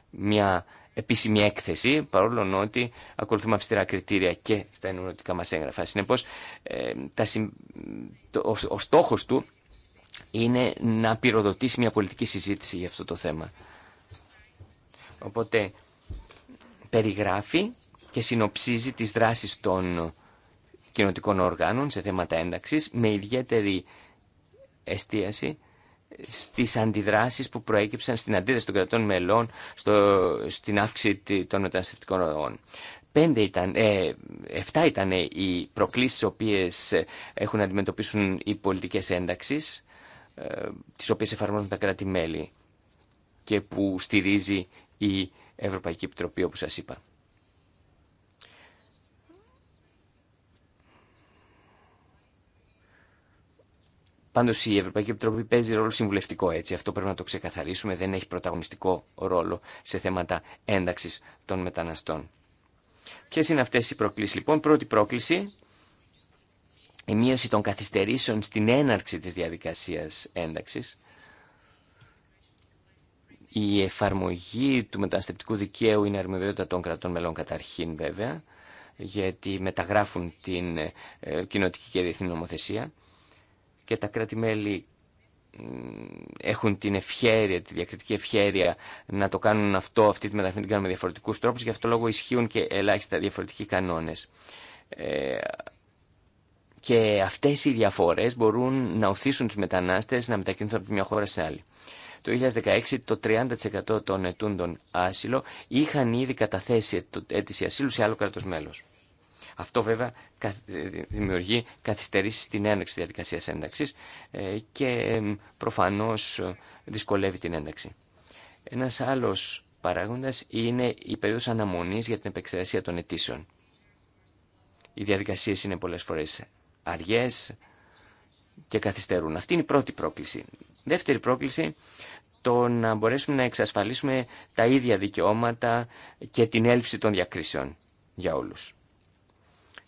[SPEAKER 3] μια επίσημη έκθεση, παρόλο ότι ακολουθούμε αυστηρά κριτήρια και στα ενημερωτικά μα έγγραφα. Συνεπώ ε, τα, ο, ο στόχος του είναι να πυροδοτήσει μια πολιτική συζήτηση για αυτό το θέμα. Οπότε, περιγράφει και συνοψίζει τις δράσεις των κοινοτικών οργάνων σε θέματα ένταξης με ιδιαίτερη εστίαση στις αντιδράσεις που προέκυψαν στην αντίδραση των κρατών μελών στο, στην αύξηση των μεταναστευτικών οργών. Πέντε ήταν, ε, εφτά ήταν οι προκλήσεις οποίες έχουν να αντιμετωπίσουν οι πολιτικές ένταξης, ε, τις οποίες εφαρμόζουν τα κράτη-μέλη και που στηρίζει η Ευρωπαϊκή Επιτροπή, όπως σας είπα. Πάντω η Ευρωπαϊκή Επιτροπή παίζει ρόλο συμβουλευτικό έτσι. Αυτό πρέπει να το ξεκαθαρίσουμε. Δεν έχει πρωταγωνιστικό ρόλο σε θέματα ένταξη των μεταναστών. Ποιε είναι αυτέ οι προκλήσει λοιπόν. Πρώτη πρόκληση. Η μείωση των καθυστερήσεων στην έναρξη της διαδικασίας ένταξης. Η εφαρμογή του μεταναστευτικού δικαίου είναι αρμοδιότητα των κρατών μελών καταρχήν βέβαια, γιατί μεταγράφουν την ε, κοινοτική και διεθνή νομοθεσία και τα κράτη-μέλη έχουν την ευχέρεια, τη διακριτική ευχαίρεια να το κάνουν αυτό, αυτή τη να την κάνουν με διαφορετικούς τρόπους, γι' αυτό λόγο ισχύουν και ελάχιστα διαφορετικοί κανόνες. Ε, και αυτές οι διαφορές μπορούν να οθήσουν τους μετανάστες να μετακινηθούν από τη μια χώρα σε άλλη. Το 2016 το 30% των ετούντων άσυλο είχαν ήδη καταθέσει αίτηση ασύλου σε άλλο κράτος μέλος. Αυτό βέβαια δημιουργεί καθυστερήσει στην έναρξη της διαδικασίας ένταξης ε, και ε, προφανώς δυσκολεύει την ένταξη. Ένας άλλος παράγοντας είναι η περίοδος αναμονής για την επεξεργασία των αιτήσεων. Οι διαδικασίε είναι πολλές φορές αργές και καθυστερούν. Αυτή είναι η πρώτη πρόκληση. Δεύτερη πρόκληση, το να μπορέσουμε να εξασφαλίσουμε τα ίδια δικαιώματα και την έλλειψη των διακρίσεων για όλους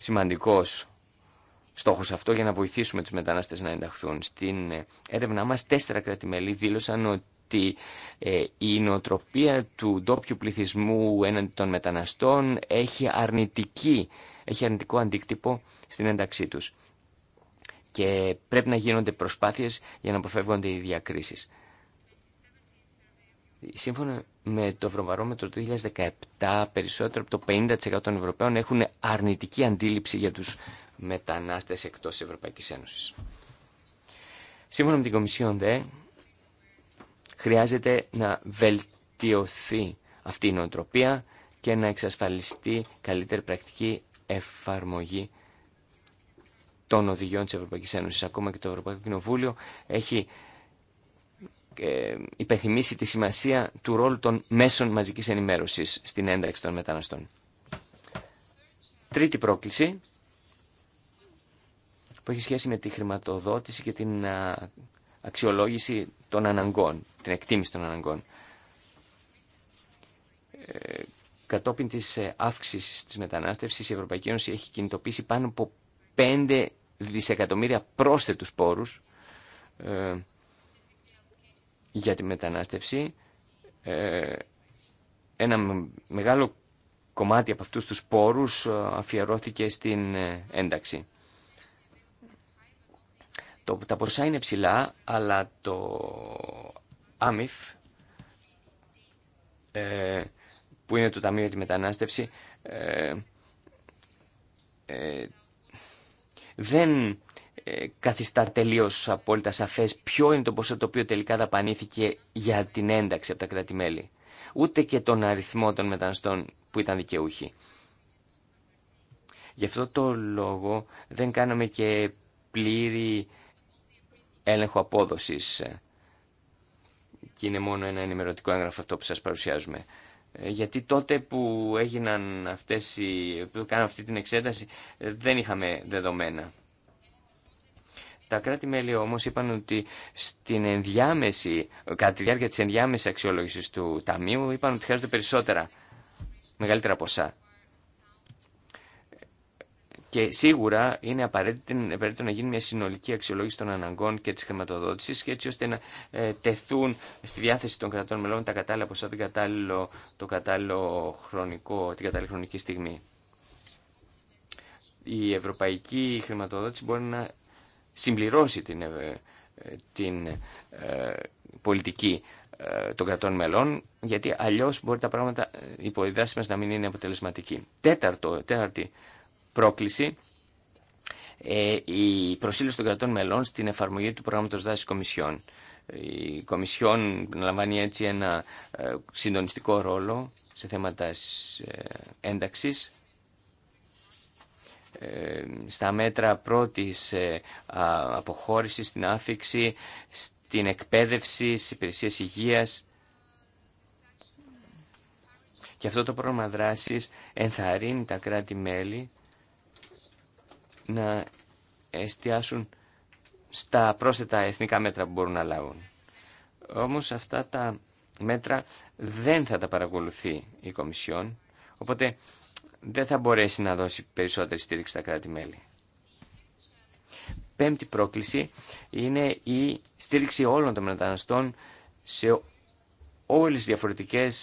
[SPEAKER 3] σημαντικός στόχος αυτό για να βοηθήσουμε τους μετανάστες να ενταχθούν. Στην ε, έρευνά μας τέσσερα κράτη-μέλη δήλωσαν ότι ε, η νοοτροπία του ντόπιου πληθυσμού έναντι των μεταναστών έχει, αρνητική, έχει αρνητικό αντίκτυπο στην ένταξή τους. Και πρέπει να γίνονται προσπάθειες για να αποφεύγονται οι διακρίσεις. Σύμφωνα με το Ευρωβαρόμετρο του 2017, περισσότερο από το 50% των Ευρωπαίων έχουν αρνητική αντίληψη για τους μετανάστες εκτός Ευρωπαϊκής Ένωσης. Σύμφωνα με την Κομισιόν ΔΕ, χρειάζεται να βελτιωθεί αυτή η νοοτροπία και να εξασφαλιστεί καλύτερη πρακτική εφαρμογή των οδηγιών της Ευρωπαϊκής Ένωσης. Ακόμα και το Ευρωπαϊκό Κοινοβούλιο έχει ε, υπεθυμίσει τη σημασία του ρόλου των μέσων μαζικής ενημέρωσης στην ένταξη των μεταναστών. Τρίτη πρόκληση που έχει σχέση με τη χρηματοδότηση και την αξιολόγηση των αναγκών, την εκτίμηση των αναγκών. Ε, κατόπιν της ε, αύξησης της μετανάστευσης η Ευρωπαϊκή Ένωση έχει κινητοποιήσει πάνω από 5 δισεκατομμύρια πρόσθετους πόρους για τη μετανάστευση. Ε, ένα μεγάλο κομμάτι από αυτούς τους πόρους ε, αφιερώθηκε στην ε, ένταξη. Το, τα ποσά είναι ψηλά, αλλά το ΆΜΙΦ, ε, που είναι το Ταμείο για τη Μετανάστευση, δεν ε, καθιστά τελείω απόλυτα σαφέ ποιο είναι το ποσό το οποίο τελικά δαπανήθηκε για την ένταξη από τα κράτη-μέλη. Ούτε και τον αριθμό των μεταναστών που ήταν δικαιούχοι. Γι' αυτό το λόγο δεν κάναμε και πλήρη έλεγχο απόδοσης. Και είναι μόνο ένα ενημερωτικό έγγραφο αυτό που σας παρουσιάζουμε. Ε, γιατί τότε που έγιναν αυτές οι, που κάναμε αυτή την εξέταση ε, δεν είχαμε δεδομένα. Τα κράτη-μέλη όμω είπαν ότι στην ενδιάμεση, κατά τη διάρκεια τη ενδιάμεση αξιολόγηση του Ταμείου είπαν ότι χρειάζονται περισσότερα, μεγαλύτερα ποσά. Και σίγουρα είναι απαραίτητο να γίνει μια συνολική αξιολόγηση των αναγκών και τη χρηματοδότηση, έτσι ώστε να ε, τεθούν στη διάθεση των κρατών μελών τα κατάλληλα ποσά, την, το κατάλληλο χρονικό, την κατάλληλη χρονική στιγμή. Η ευρωπαϊκή χρηματοδότηση μπορεί να συμπληρώσει την, ε, ε, την ε, πολιτική ε, των κρατών μελών, γιατί αλλιώς μπορεί τα πράγματα, η πολυδράση μας να μην είναι αποτελεσματική. Τέταρτο, τέταρτη πρόκληση, η προσήλωση των κρατών μελών στην εφαρμογή του προγράμματος δάσης κομισιών. Η Κομισιόν λαμβάνει έτσι ένα συντονιστικό ρόλο σε θέματα ένταξης ε, στα μέτρα πρώτης ε, αποχώρησης, στην άφηξη, στην εκπαίδευση, στις υπηρεσίες υγείας. Και αυτό το πρόγραμμα δράσης ενθαρρύνει τα κράτη-μέλη να εστιάσουν στα πρόσθετα εθνικά μέτρα που μπορούν να λάβουν. Όμως αυτά τα μέτρα δεν θα τα παρακολουθεί η Κομισιόν, οπότε δεν θα μπορέσει να δώσει περισσότερη στήριξη στα κράτη-μέλη. Πέμπτη πρόκληση είναι η στήριξη όλων των μεταναστών σε όλες τις διαφορετικές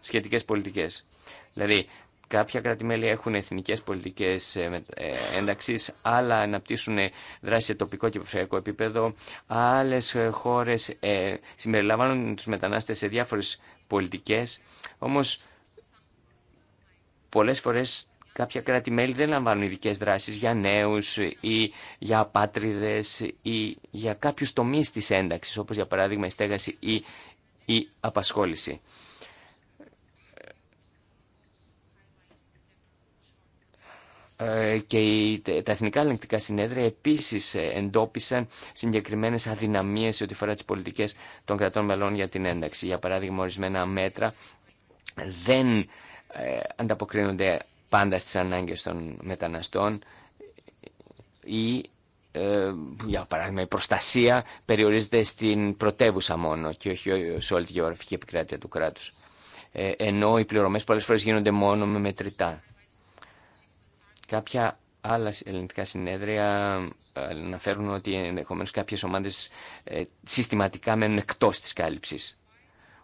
[SPEAKER 3] σχετικές πολιτικές. Δηλαδή, κάποια κράτη-μέλη έχουν εθνικές πολιτικές ε, ε, ένταξης, άλλα αναπτύσσουν δράση σε τοπικό και περιφερειακό επίπεδο, άλλες χώρες ε, συμπεριλαμβάνουν τους μετανάστες σε διάφορες πολιτικές, όμως πολλές φορές κάποια κράτη-μέλη δεν λαμβάνουν ειδικέ δράσεις για νέους ή για απάτριδες ή για κάποιους τομείς της ένταξης, όπως για παράδειγμα η στέγαση ή η απασχόληση. Ε, και τα εθνικά ελεγκτικά συνέδρια επίσης εντόπισαν συγκεκριμένες αδυναμίες σε ό,τι φορά τις πολιτικές των κρατών μελών για την ένταξη. Για παράδειγμα, ορισμένα μέτρα δεν ε, ανταποκρίνονται πάντα στις ανάγκες των μεταναστών ή ε, για παράδειγμα η προστασία περιορίζεται στην πρωτεύουσα μόνο και όχι σε όλη τη γεωγραφική επικράτεια του κράτους. Ε, ενώ οι πληρωμές πολλές φορές γίνονται μόνο με μετρητά. Κάποια άλλα ελληνικά συνέδρια αναφέρουν ότι ενδεχομένως κάποιες ομάδες συστηματικά μένουν εκτός της κάλυψης.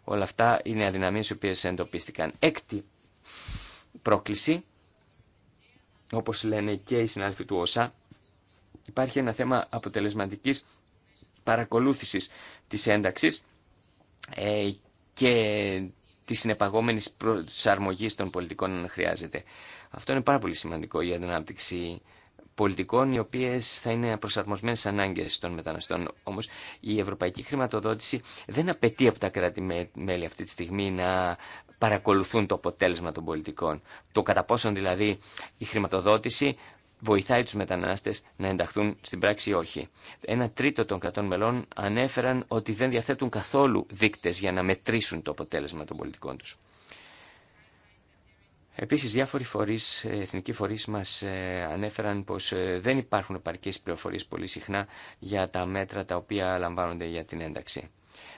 [SPEAKER 3] Όλα αυτά είναι αδυναμίες οι οποίες εντοπίστηκαν. Έκτη πρόκληση, όπως λένε και οι συνάδελφοι του ΩΣΑ, υπάρχει ένα θέμα αποτελεσματικής παρακολούθησης της ένταξης ε, και της συνεπαγόμενης προσαρμογής των πολιτικών χρειάζεται. Αυτό είναι πάρα πολύ σημαντικό για την ανάπτυξη πολιτικών οι οποίες θα είναι προσαρμοσμένες ανάγκες των μεταναστών. Όμως η ευρωπαϊκή χρηματοδότηση δεν απαιτεί από τα κράτη-μέλη αυτή τη στιγμή να παρακολουθούν το αποτέλεσμα των πολιτικών. Το κατά πόσον δηλαδή η χρηματοδότηση βοηθάει τους μετανάστες να ενταχθούν στην πράξη ή όχι. Ένα τρίτο των κρατών μελών ανέφεραν ότι δεν διαθέτουν καθόλου δείκτες για να μετρήσουν το αποτέλεσμα των πολιτικών τους. Επίσης, διάφοροι φορείς, ε, εθνικοί φορείς μας ε, ανέφεραν πως ε, δεν υπάρχουν επαρκές πληροφορίες πολύ συχνά για τα μέτρα τα οποία λαμβάνονται για την ένταξη.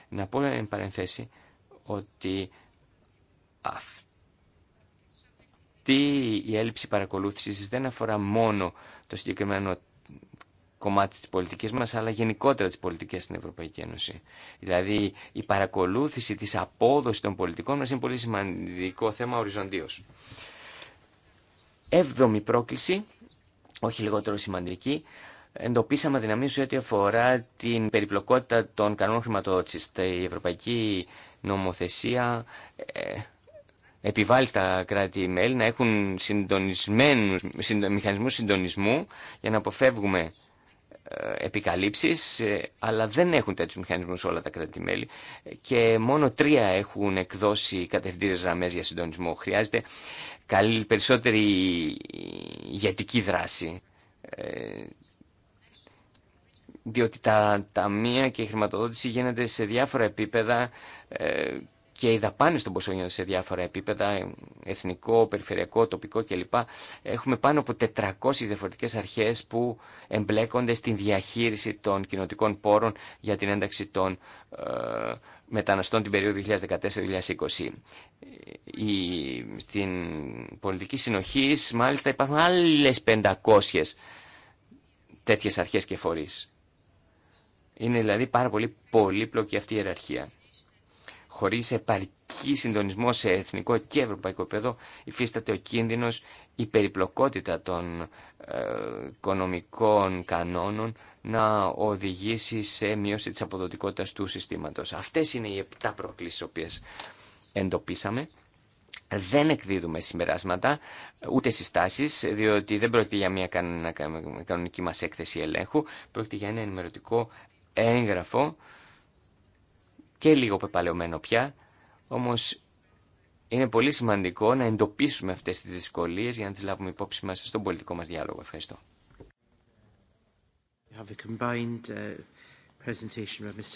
[SPEAKER 3] Να πω εν παρενθέσει ότι αυτή η έλλειψη παρακολούθησης δεν αφορά μόνο το συγκεκριμένο κομμάτι της πολιτικής μας, αλλά γενικότερα της πολιτικής στην Ευρωπαϊκή Ένωση. Δηλαδή, η παρακολούθηση της απόδοσης των πολιτικών μας είναι πολύ σημαντικό θέμα οριζοντίως. Έβδομη πρόκληση, όχι λιγότερο σημαντική, εντοπίσαμε δυναμίες ό,τι αφορά την περιπλοκότητα των κανόνων χρηματοδότησης. Η Ευρωπαϊκή νομοθεσία ε, επιβάλλει στα κράτη-μέλη να έχουν συντονισμένους, μηχανισμούς συντονισμού για να αποφεύγουμε ε, επικαλύψεις, ε, αλλά δεν έχουν τέτοιους μηχανισμούς όλα τα κράτη-μέλη και μόνο τρία έχουν εκδώσει κατευθυντήρες γραμμές για συντονισμό. Χρειάζεται καλή, περισσότερη ηγετική δράση, ε, διότι τα ταμεία και η χρηματοδότηση γίνονται σε διάφορα επίπεδα και οι δαπάνε των ποσόνιων σε διάφορα επίπεδα, εθνικό, περιφερειακό, τοπικό κλπ. Έχουμε πάνω από 400 διαφορετικέ αρχέ που εμπλέκονται στην διαχείριση των κοινοτικών πόρων για την ένταξη των ε, μεταναστών την περίοδο 2014-2020. Στην πολιτική συνοχή, μάλιστα, υπάρχουν άλλε 500 τέτοιε αρχέ και φορεί. Είναι δηλαδή πάρα πολύ πολύπλοκη αυτή η ιεραρχία. Χωρί επαρκή συντονισμό σε εθνικό και ευρωπαϊκό επίπεδο υφίσταται ο κίνδυνο η περιπλοκότητα των ε, οικονομικών κανόνων να οδηγήσει σε μείωση της αποδοτικότητας του συστήματος. Αυτές είναι οι 7 προκλήσεις που εντοπίσαμε. Δεν εκδίδουμε συμπεράσματα, ούτε συστάσεις, διότι δεν πρόκειται για μια κανονική μας έκθεση ελέγχου, πρόκειται για ένα ενημερωτικό έγγραφο και λίγο πεπαλαιωμένο πια, όμως είναι πολύ σημαντικό να εντοπίσουμε αυτές τις δυσκολίες για να τις λάβουμε υπόψη μας στον πολιτικό μας διάλογο. Ευχαριστώ.
[SPEAKER 4] Uh,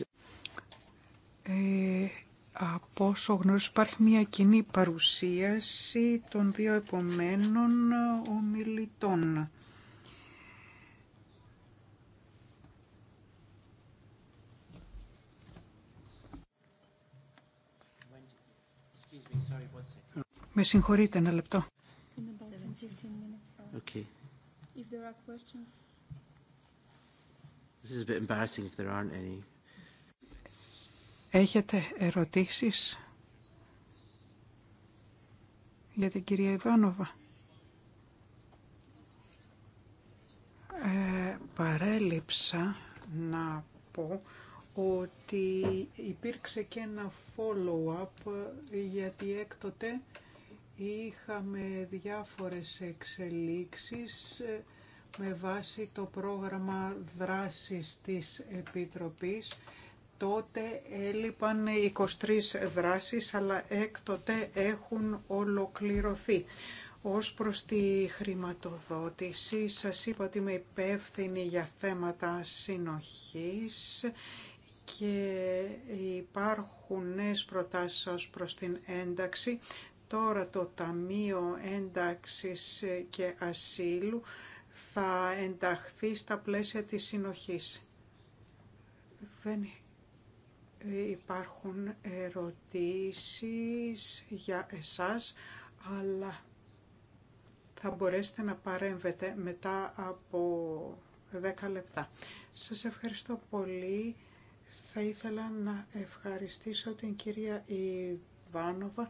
[SPEAKER 2] ε, από όσο γνωρίζω υπάρχει μια κοινή παρουσίαση των δύο επομένων ομιλητών. Με συγχωρείτε ένα λεπτό. Έχετε ερωτήσεις για την κυρία Ιβάνοβα. Ε, παρέλειψα να πω ότι υπήρξε και ένα follow-up γιατί έκτοτε Είχαμε διάφορες εξελίξεις ε, με βάση το πρόγραμμα δράσης της Επιτροπής. Τότε έλειπαν 23 δράσεις, αλλά έκτοτε έχουν ολοκληρωθεί. Ως προς τη χρηματοδότηση, σας είπα ότι είμαι υπεύθυνη για θέματα συνοχής και υπάρχουν νέες προτάσεις ως προς την ένταξη. Τώρα το Ταμείο Ένταξης και Ασύλου θα ενταχθεί στα πλαίσια της συνοχής. Δεν υπάρχουν ερωτήσεις για εσάς, αλλά θα μπορέσετε να παρέμβετε μετά από 10 λεπτά. Σας ευχαριστώ πολύ. Θα ήθελα να ευχαριστήσω την κυρία Ιβάνοβα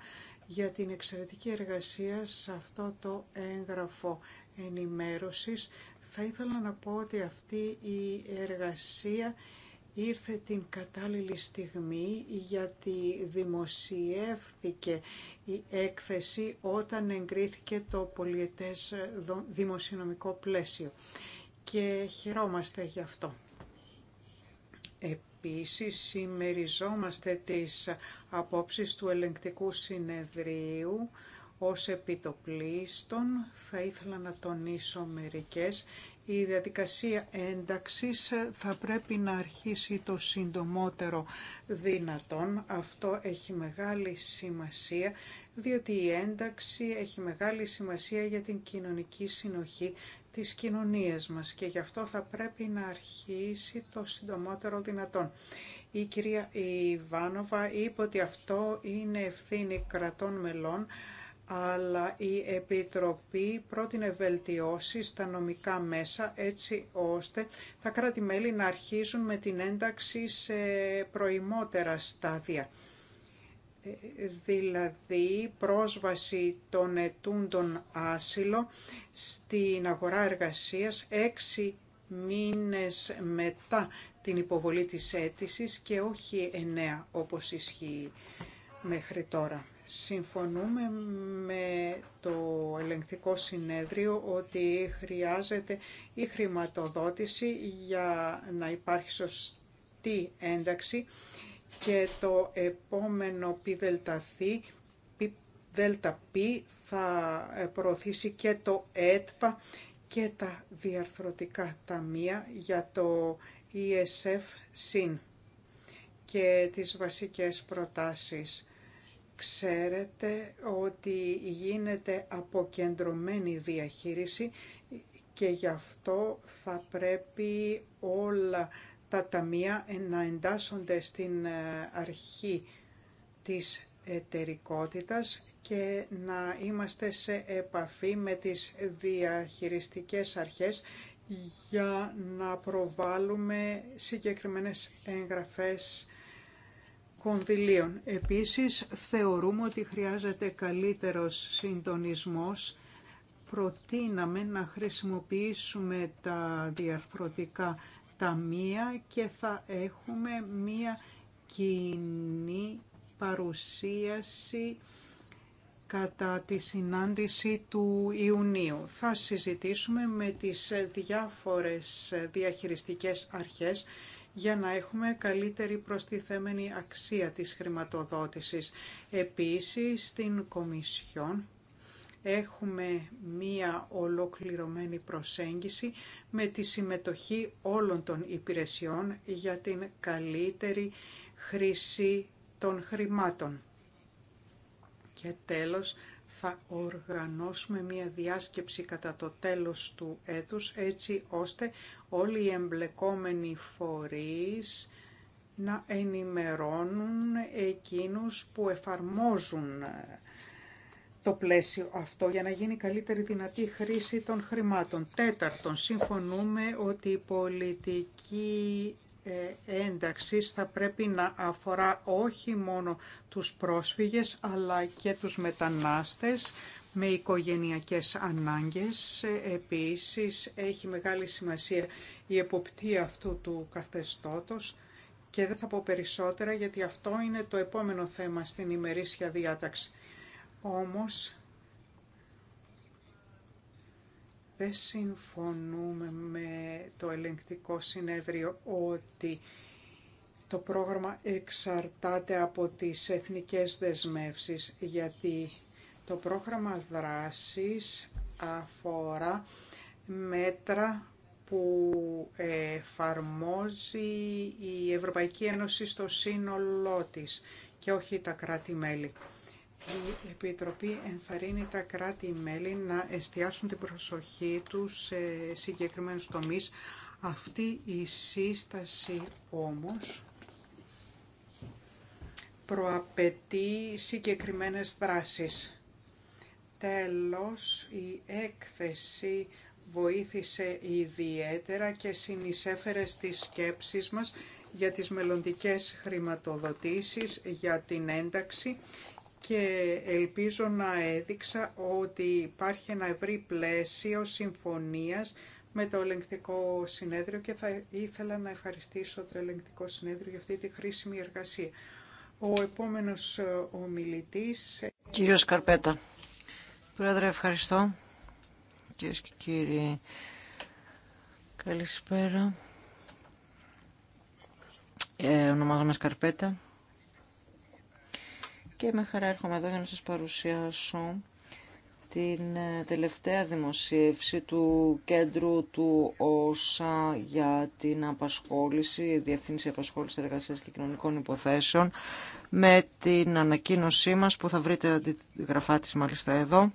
[SPEAKER 2] για την εξαιρετική εργασία σε αυτό το έγγραφο ενημέρωσης. Θα ήθελα να πω ότι αυτή η εργασία ήρθε την κατάλληλη στιγμή γιατί δημοσιεύθηκε η έκθεση όταν εγκρίθηκε το πολιετές δημοσιονομικό πλαίσιο και χαιρόμαστε γι' αυτό. Επίσης, συμμεριζόμαστε τις απόψεις του ελεγκτικού συνεδρίου ως επιτοπλίστων. Θα ήθελα να τονίσω μερικές. Η διαδικασία ένταξης θα πρέπει να αρχίσει το συντομότερο δυνατόν. Αυτό έχει μεγάλη σημασία, διότι η ένταξη έχει μεγάλη σημασία για την κοινωνική συνοχή τις κοινωνίες μας και γι' αυτό θα πρέπει να αρχίσει το συντομότερο δυνατόν. Η κυρία Ιβάνοβα είπε ότι αυτό είναι ευθύνη κρατών μελών, αλλά η Επιτροπή πρότεινε βελτιώσει στα νομικά μέσα έτσι ώστε τα κράτη-μέλη να αρχίζουν με την ένταξη σε προημότερα στάδια δηλαδή πρόσβαση των ετούντων άσυλο στην αγορά εργασίας έξι μήνες μετά την υποβολή της αίτησης και όχι εννέα όπως ισχύει μέχρι τώρα. Συμφωνούμε με το ελεγκτικό συνέδριο ότι χρειάζεται η χρηματοδότηση για να υπάρχει σωστή ένταξη και το επόμενο π δελτα πι θα ε, προωθήσει και το ΕΤΠΑ και τα διαρθρωτικά ταμεία για το ESF συν και τις βασικές προτάσεις. Ξέρετε ότι γίνεται αποκεντρωμένη διαχείριση και γι' αυτό θα πρέπει όλα τα ταμεία να εντάσσονται στην ε, αρχή της εταιρικότητας και να είμαστε σε επαφή με τις διαχειριστικές αρχές για να προβάλλουμε συγκεκριμένες εγγραφές κονδυλίων. Επίσης, θεωρούμε ότι χρειάζεται καλύτερος συντονισμός. Προτείναμε να χρησιμοποιήσουμε τα διαρθρωτικά ταμεία και θα έχουμε μία κοινή παρουσίαση κατά τη συνάντηση του Ιουνίου. Θα συζητήσουμε με τις διάφορες διαχειριστικές αρχές για να έχουμε καλύτερη προστιθέμενη αξία της χρηματοδότησης. Επίσης, στην Κομισιόν έχουμε μία ολοκληρωμένη προσέγγιση με τη συμμετοχή όλων των υπηρεσιών για την καλύτερη χρήση των χρημάτων. Και τέλος, θα οργανώσουμε μία διάσκεψη κατά το τέλος του έτους, έτσι ώστε όλοι οι εμπλεκόμενοι φορείς να ενημερώνουν εκείνους που εφαρμόζουν το πλαίσιο αυτό για να γίνει καλύτερη δυνατή χρήση των χρημάτων. Τέταρτον, συμφωνούμε ότι η πολιτική ε, ένταξη θα πρέπει να αφορά όχι μόνο τους πρόσφυγες αλλά και τους μετανάστες με οικογενειακές ανάγκες. Ε, επίσης, έχει μεγάλη σημασία η εποπτεία αυτού του καθεστώτος και δεν θα πω περισσότερα γιατί αυτό είναι το επόμενο θέμα στην ημερήσια διάταξη. Όμως δεν συμφωνούμε με το ελεγκτικό συνέδριο ότι το πρόγραμμα εξαρτάται από τις εθνικές δεσμεύσεις γιατί το πρόγραμμα δράσης αφορά μέτρα που εφαρμόζει η Ευρωπαϊκή Ένωση στο σύνολό της και όχι τα κράτη-μέλη. Η Επιτροπή ενθαρρύνει τα κράτη-μέλη να εστιάσουν την προσοχή τους σε συγκεκριμένους τομείς. Αυτή η σύσταση όμως προαπαιτεί συγκεκριμένες δράσεις. Τέλος, η έκθεση βοήθησε ιδιαίτερα και συνεισέφερε στις σκέψεις μας για τις μελλοντικές χρηματοδοτήσεις, για την ένταξη και ελπίζω να έδειξα ότι υπάρχει ένα ευρύ πλαίσιο συμφωνίας με το ελεγκτικό συνέδριο και θα ήθελα να ευχαριστήσω το ελεγκτικό συνέδριο για αυτή τη χρήσιμη εργασία. Ο επόμενος ομιλητής... Κύριος
[SPEAKER 1] Καρπέτα. Πρόεδρε, ευχαριστώ. Κυρίες και κύριοι, καλησπέρα. Ε, ονομάζομαι Σκαρπέτα και με χαρά έρχομαι εδώ για να σας παρουσιάσω την ε, τελευταία δημοσίευση του κέντρου του ΩΣΑ για την απασχόληση, Διευθύνση Απασχόλησης Εργασίας και Κοινωνικών Υποθέσεων με την ανακοίνωσή μας που θα βρείτε αντιγραφά της μάλιστα εδώ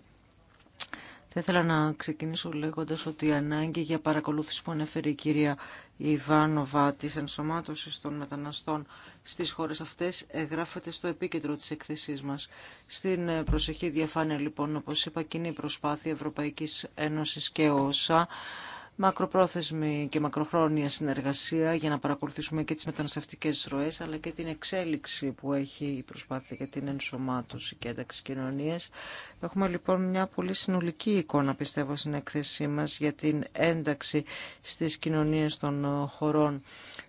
[SPEAKER 1] θα ήθελα να ξεκινήσω λέγοντα ότι η ανάγκη για παρακολούθηση που ανέφερε η κυρία Ιβάνοβα της ενσωμάτωση των μεταναστών στις χώρες αυτές εγγράφεται στο επίκεντρο της εκθεσή μας. Στην ε, προσεχή διαφάνεια λοιπόν, όπως είπα, κοινή προσπάθεια Ευρωπαϊκής Ένωση και όσα μακροπρόθεσμη και μακροχρόνια συνεργασία για να παρακολουθήσουμε και τις μεταναστευτικές ροές αλλά και την εξέλιξη που έχει η προσπάθεια για την ενσωμάτωση και ένταξη κοινωνία. Έχουμε λοιπόν μια πολύ συνολική εικόνα πιστεύω στην έκθεσή μας για την ένταξη στις κοινωνίες των χωρών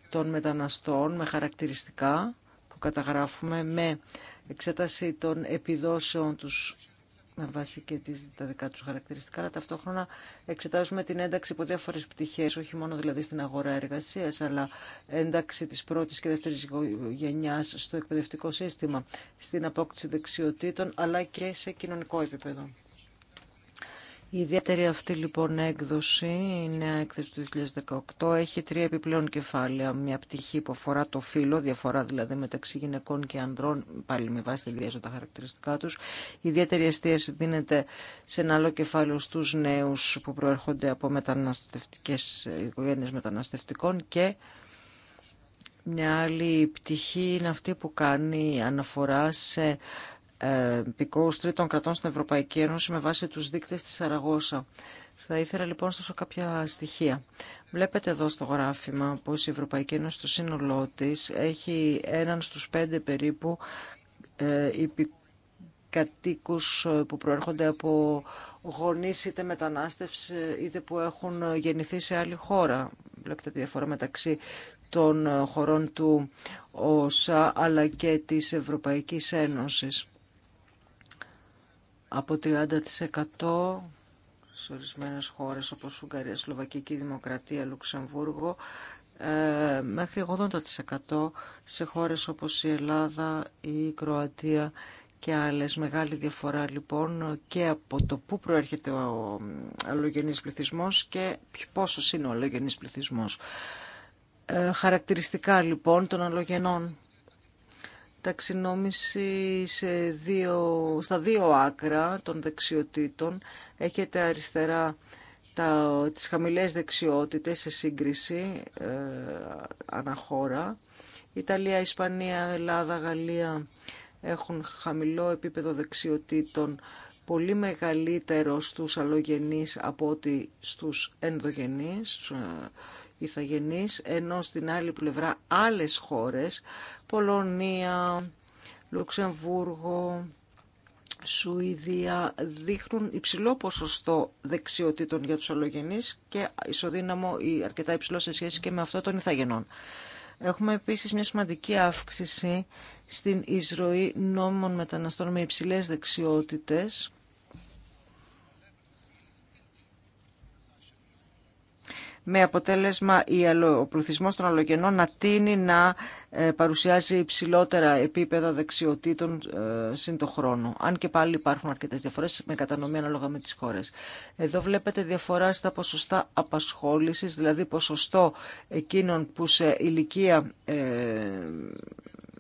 [SPEAKER 1] των μεταναστών με χαρακτηριστικά που καταγράφουμε με εξέταση των επιδόσεων τους με βάση και τις, τα δικά τους χαρακτηριστικά, αλλά ταυτόχρονα εξετάζουμε την ένταξη από διάφορε πτυχές, όχι μόνο δηλαδή στην αγορά εργασίας, αλλά ένταξη της πρώτης και δεύτερης γενιάς στο εκπαιδευτικό σύστημα, στην απόκτηση δεξιοτήτων, αλλά και σε κοινωνικό επίπεδο. Η ιδιαίτερη αυτή λοιπόν έκδοση η νέα έκθεση του 2018. Έχει τρία επιπλέον κεφάλαια. Μια πτυχή που αφορά το φύλλο, διαφορά δηλαδή μεταξύ γυναικών και ανδρών, πάλι με βάση τα τα χαρακτηριστικά τους. Η ιδιαίτερη εστίαση δίνεται σε ένα άλλο κεφάλαιο στους νέους που προέρχονται από μεταναστευτικές οικογένειε μεταναστευτικών και μια άλλη πτυχή είναι αυτή που κάνει αναφορά σε πικόους τρίτων κρατών στην Ευρωπαϊκή Ένωση με βάση τους δείκτες της Σαραγώσα. Θα ήθελα λοιπόν να κάποια στοιχεία. Βλέπετε εδώ στο γράφημα πως η Ευρωπαϊκή Ένωση στο σύνολό της έχει έναν στους πέντε περίπου ε, που προέρχονται από γονείς είτε μετανάστευση είτε που έχουν γεννηθεί σε άλλη χώρα. Βλέπετε τη διαφορά μεταξύ των χωρών του ΟΣΑ αλλά και της Ευρωπαϊκής Ένωσης από 30% σε ορισμένες χώρες όπως Ουγγαρία, Σλοβακική Δημοκρατία, Λουξεμβούργο ε, μέχρι 80% σε χώρες όπως η Ελλάδα, η Κροατία και άλλες. Μεγάλη διαφορά λοιπόν και από το πού προέρχεται ο αλλογενής ε, πληθυσμός και πόσο είναι ο αλλογενής πληθυσμός. Ε, χαρακτηριστικά λοιπόν των αλλογενών ταξινόμηση σε δύο, στα δύο άκρα των δεξιοτήτων. Έχετε αριστερά τα, τις χαμηλές δεξιότητες σε σύγκριση ε, αναχώρα. Ιταλία, Ισπανία, Ελλάδα, Γαλλία έχουν χαμηλό επίπεδο δεξιοτήτων πολύ μεγαλύτερο στους αλλογενείς από ότι στους ενδογενείς, ε, ηθαγενείς, ενώ στην άλλη πλευρά άλλες χώρες, Πολωνία, Λουξεμβούργο, Σουηδία δείχνουν υψηλό ποσοστό δεξιοτήτων για τους αλλογενείς και ισοδύναμο ή αρκετά υψηλό σε σχέση και με αυτό των ηθαγενών. Έχουμε επίσης μια σημαντική αύξηση στην εισρωή νόμων μεταναστών με υψηλές δεξιότητες με αποτέλεσμα ο πληθυσμό των αλλογενών να τίνει να ε, παρουσιάζει υψηλότερα επίπεδα δεξιοτήτων ε, συν το χρόνο. Αν και πάλι υπάρχουν αρκετές διαφορές με κατανομή ανάλογα με τις χώρε. Εδώ βλέπετε διαφορά στα ποσοστά απασχόλησης, δηλαδή ποσοστό εκείνων που σε ηλικία ε,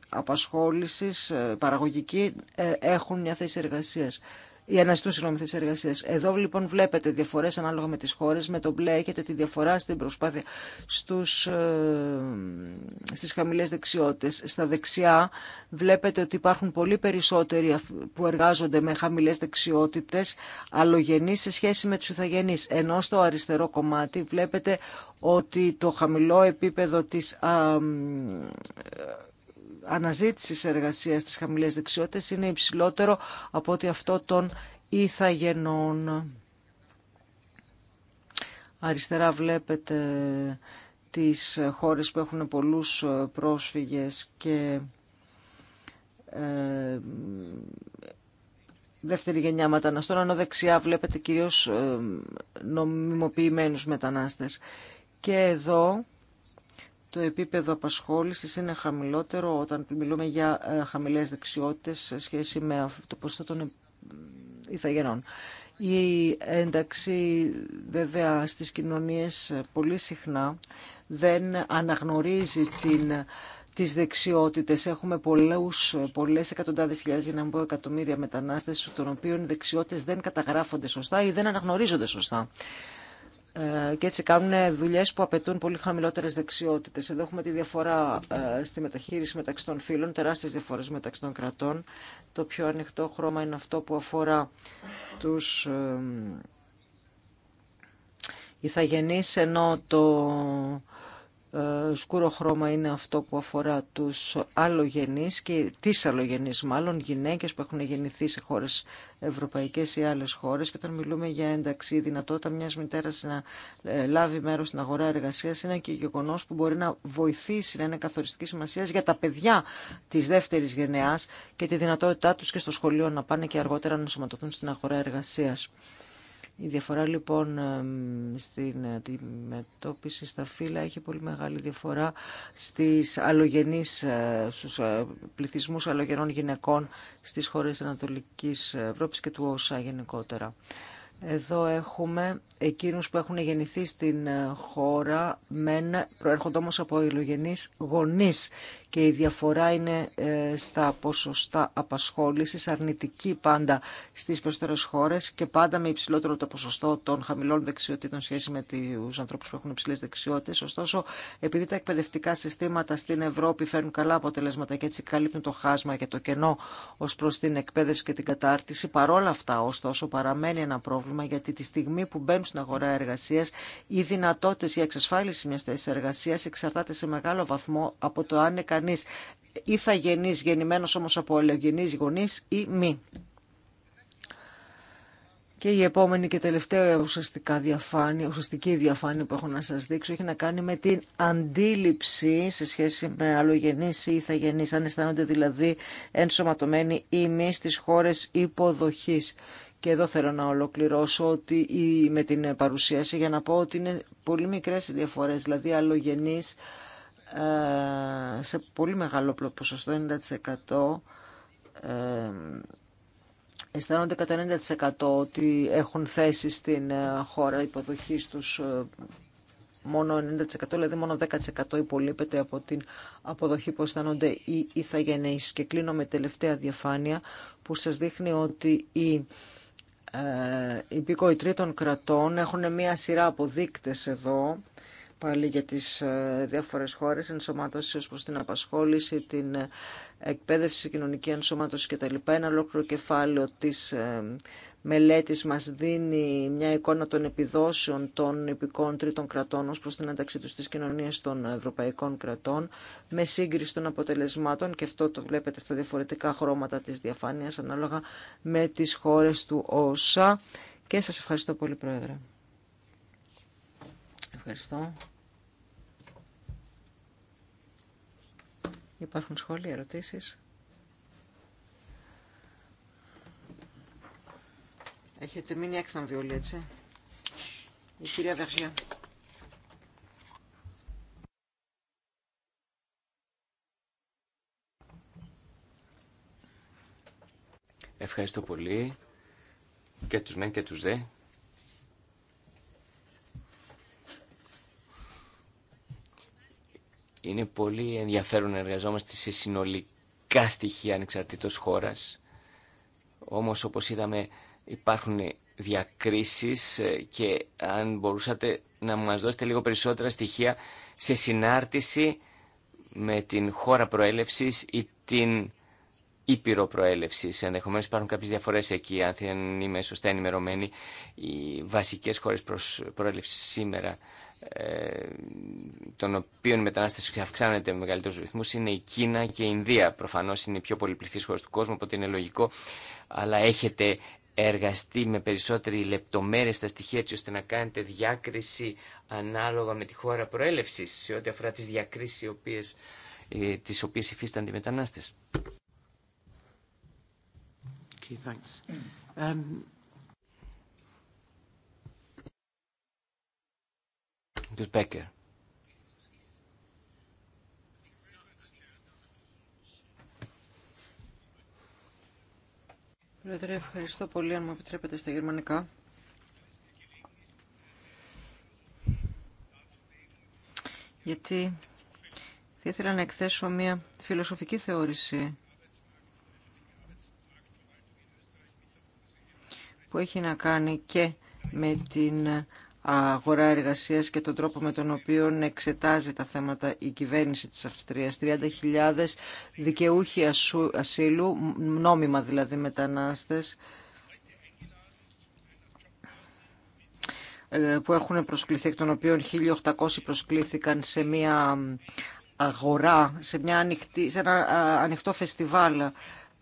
[SPEAKER 1] απασχόλησης παραγωγική έχουν μια θέση εργασίας ή αναζητούν συγγνώμη θέσει εργασία. Εδώ λοιπόν βλέπετε διαφορέ ανάλογα με τι χώρε, με το μπλε, έχετε τη διαφορά στην προσπάθεια στους, χαμηλέ ε, στις χαμηλές δεξιότητες. Στα δεξιά βλέπετε ότι υπάρχουν πολύ περισσότεροι που εργάζονται με χαμηλές δεξιότητες αλλογενείς σε σχέση με τους ηθαγενείς. Ενώ στο αριστερό κομμάτι βλέπετε ότι το χαμηλό επίπεδο της Αναζήτηση εργασίας στις χαμηλές δεξιότητες είναι υψηλότερο από ότι αυτό των ηθαγενών. Αριστερά βλέπετε τις χώρες που έχουν πολλούς πρόσφυγες και ε, δεύτερη γενιά μεταναστών, ενώ δεξιά βλέπετε κυρίως ε, νομιμοποιημένους μετανάστες. Και εδώ το επίπεδο απασχόλησης είναι χαμηλότερο όταν μιλούμε για ε, χαμηλές δεξιότητες σε σχέση με το ποσοστό των ηθαγενών. Η ένταξη βέβαια στις κοινωνίες ε, πολύ συχνά δεν αναγνωρίζει την, τις δεξιότητες. Έχουμε πολλούς, πολλές εκατοντάδες χιλιάδες, για να μην πω εκατομμύρια μετανάστες, των οποίων οι δεξιότητες δεν καταγράφονται σωστά ή δεν αναγνωρίζονται σωστά. Ε, και έτσι κάνουν δουλειές που απαιτούν πολύ χαμηλότερες δεξιότητες. Εδώ έχουμε τη διαφορά ε, στη μεταχείριση μεταξύ των φύλων, τεράστιες διαφορές μεταξύ των κρατών. Το πιο ανοιχτό χρώμα είναι αυτό που αφορά τους ηθαγενείς, ενώ το ε, σκούρο χρώμα είναι αυτό που αφορά τους αλλογενείς και τις αλλογενείς μάλλον γυναίκες που έχουν γεννηθεί σε χώρες ευρωπαϊκές ή άλλες χώρες και όταν μιλούμε για ένταξη η δυνατότητα μιας μητέρας να ε, λάβει μέρος στην αγορά εργασίας είναι και γεγονός που μπορεί να λαβει μερος στην αγορα εργασιας ειναι και γεγονό που μπορει να είναι καθοριστική σημασία για τα παιδιά της δεύτερης γενεάς και τη δυνατότητά τους και στο σχολείο να πάνε και αργότερα να σωματωθούν στην αγορά εργασίας. Η διαφορά λοιπόν στην αντιμετώπιση στα φύλλα έχει πολύ μεγάλη διαφορά στις αλλογενείς, ε, στους ε, πληθυσμούς αλλογενών γυναικών στις χώρες της Ανατολικής Ευρώπης και του ΩΣΑ γενικότερα. Εδώ έχουμε εκείνους που έχουν γεννηθεί στην ε, χώρα, μεν προέρχονται όμως από αλλογενείς γονείς και η διαφορά είναι ε, στα ποσοστά απασχόλησης, αρνητική πάντα στις περισσότερες χώρες και πάντα με υψηλότερο το ποσοστό των χαμηλών δεξιοτήτων σχέση με τους ανθρώπους που έχουν υψηλές δεξιότητες. Ωστόσο, επειδή τα εκπαιδευτικά συστήματα στην Ευρώπη φέρνουν καλά αποτελέσματα και έτσι καλύπτουν το χάσμα και το κενό ως προς την εκπαίδευση και την κατάρτιση, παρόλα αυτά, ωστόσο, παραμένει ένα πρόβλημα γιατί τη στιγμή που μπαίνουν στην αγορά εργασία, οι δυνατότητε για εξασφάλιση μιας θέσης εργασίας εξαρτάται σε μεγάλο βαθμό από το αν θα γεννή γεννημένος όμως από αλλογενείς γονείς ή μη. Και η επόμενη και τελευταία ουσιαστικά διαφάνεια, ουσιαστική διαφάνεια που έχω να σας δείξω έχει να κάνει με την αντίληψη σε σχέση με αλλογενείς ή ηθαγενείς, αν αισθάνονται δηλαδή ενσωματωμένοι ή μη στις χώρες υποδοχής. Και εδώ θέλω να ολοκληρώσω ότι με την παρουσίαση για να πω ότι είναι πολύ μικρές οι διαφορές, δηλαδή αλλογενείς ε, σε πολύ μεγάλο ποσοστό, 90% ε, αισθάνονται κατά 90% ότι έχουν θέση στην ε, χώρα υποδοχής τους μόνο 90%, δηλαδή μόνο 10% υπολείπεται από την αποδοχή που αισθάνονται οι ηθαγενείς. Και κλείνω με τελευταία διαφάνεια που σας δείχνει ότι οι υπηκοϊτροί των κρατών έχουν μια σειρά από εδώ πάλι για τις ε, διάφορες χώρες, ενσωμάτωση ως προς την απασχόληση, την ε, εκπαίδευση, κοινωνική ενσωμάτωση κτλ. Ένα ολόκληρο κεφάλαιο της ε, μελέτης μας δίνει μια εικόνα των επιδόσεων των υπηκών τρίτων κρατών ως προς την ένταξή τους στις κοινωνίες των ευρωπαϊκών κρατών με σύγκριση των αποτελεσμάτων και αυτό το βλέπετε στα διαφορετικά χρώματα της διαφάνειας ανάλογα με τις χώρες του ΩΣΑ και σας ευχαριστώ πολύ Πρόεδρε. Ευχαριστώ. Υπάρχουν σχόλια, ερωτήσεις. Έχετε μείνει έξω όλοι, έτσι. Η κυρία Βεργιά.
[SPEAKER 3] Ευχαριστώ πολύ και τους ναι και τους δε Είναι πολύ ενδιαφέρον να εργαζόμαστε σε συνολικά στοιχεία ανεξαρτήτως χώρας. Όμως όπως είδαμε υπάρχουν διακρίσεις ε, και αν μπορούσατε να μας δώσετε λίγο περισσότερα στοιχεία σε συνάρτηση με την χώρα προέλευσης ή την ήπειρο προέλευσης. Ενδεχομένως υπάρχουν κάποιες διαφορές εκεί, αν δεν είμαι σωστά ενημερωμένη. Οι βασικέ χώρε προέλευσης σήμερα ε, των οποίων οι μετανάστε αυξάνεται με μεγαλύτερου ρυθμού είναι η Κίνα και η Ινδία. Προφανώ είναι οι πιο πολυπληθεί χώρε του κόσμου, οπότε είναι λογικό, αλλά έχετε εργαστεί με περισσότερη λεπτομέρεια στα στοιχεία έτσι ώστε να κάνετε διάκριση ανάλογα με τη χώρα προέλευσης σε ό,τι αφορά τις διακρίσεις τι οποίε ε, τις οποίες υφίστανται οι μετανάστες. Okay, um, Κύριος
[SPEAKER 1] Πρόεδρε, ευχαριστώ πολύ αν μου επιτρέπετε στα γερμανικά. Γιατί θα ήθελα να εκθέσω μια φιλοσοφική θεώρηση που έχει να κάνει και με την αγορά εργασίας και τον τρόπο με τον οποίο εξετάζει τα θέματα η κυβέρνηση της Αυστρίας. 30.000 δικαιούχοι ασύλου, νόμιμα δηλαδή μετανάστες, ε, που έχουν προσκληθεί, εκ των οποίων 1.800 προσκλήθηκαν σε μια αγορά, σε, μια σε ένα ανοιχτό φεστιβάλ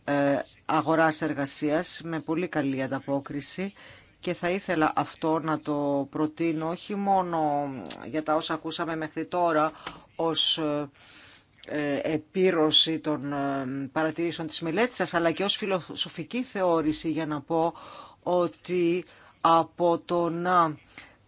[SPEAKER 1] ε, αγοράς εργασίας με πολύ καλή ανταπόκριση και θα ήθελα αυτό να το προτείνω όχι μόνο για τα όσα ακούσαμε μέχρι τώρα ως ε, επίρρωση των ε, παρατηρήσεων της μελέτης σας, αλλά και ως φιλοσοφική θεώρηση για να πω ότι από το να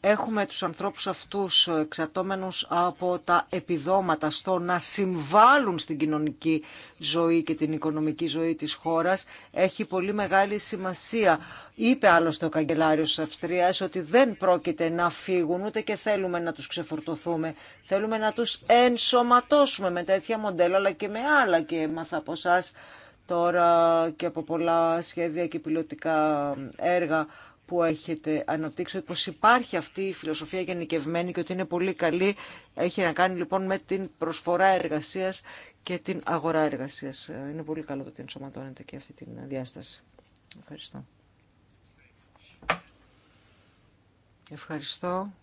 [SPEAKER 1] έχουμε τους ανθρώπους αυτούς εξαρτώμενους από τα επιδόματα στο να συμβάλλουν στην κοινωνική ζωή και την οικονομική ζωή της χώρας έχει πολύ μεγάλη σημασία. Είπε άλλωστε ο καγκελάριος της Αυστρίας ότι δεν πρόκειται να φύγουν ούτε και θέλουμε να τους ξεφορτωθούμε. Θέλουμε να τους ενσωματώσουμε με τέτοια μοντέλα αλλά και με άλλα και έμαθα από εσάς τώρα και από πολλά σχέδια και πιλωτικά έργα που έχετε αναπτύξει, ότι πως υπάρχει αυτή η φιλοσοφία γενικευμένη και ότι είναι πολύ καλή. Έχει να κάνει λοιπόν με την προσφορά εργασίας και την αγορά εργασίας. Είναι πολύ καλό το ότι ενσωματώνεται και αυτή την διάσταση. Ευχαριστώ. Ευχαριστώ.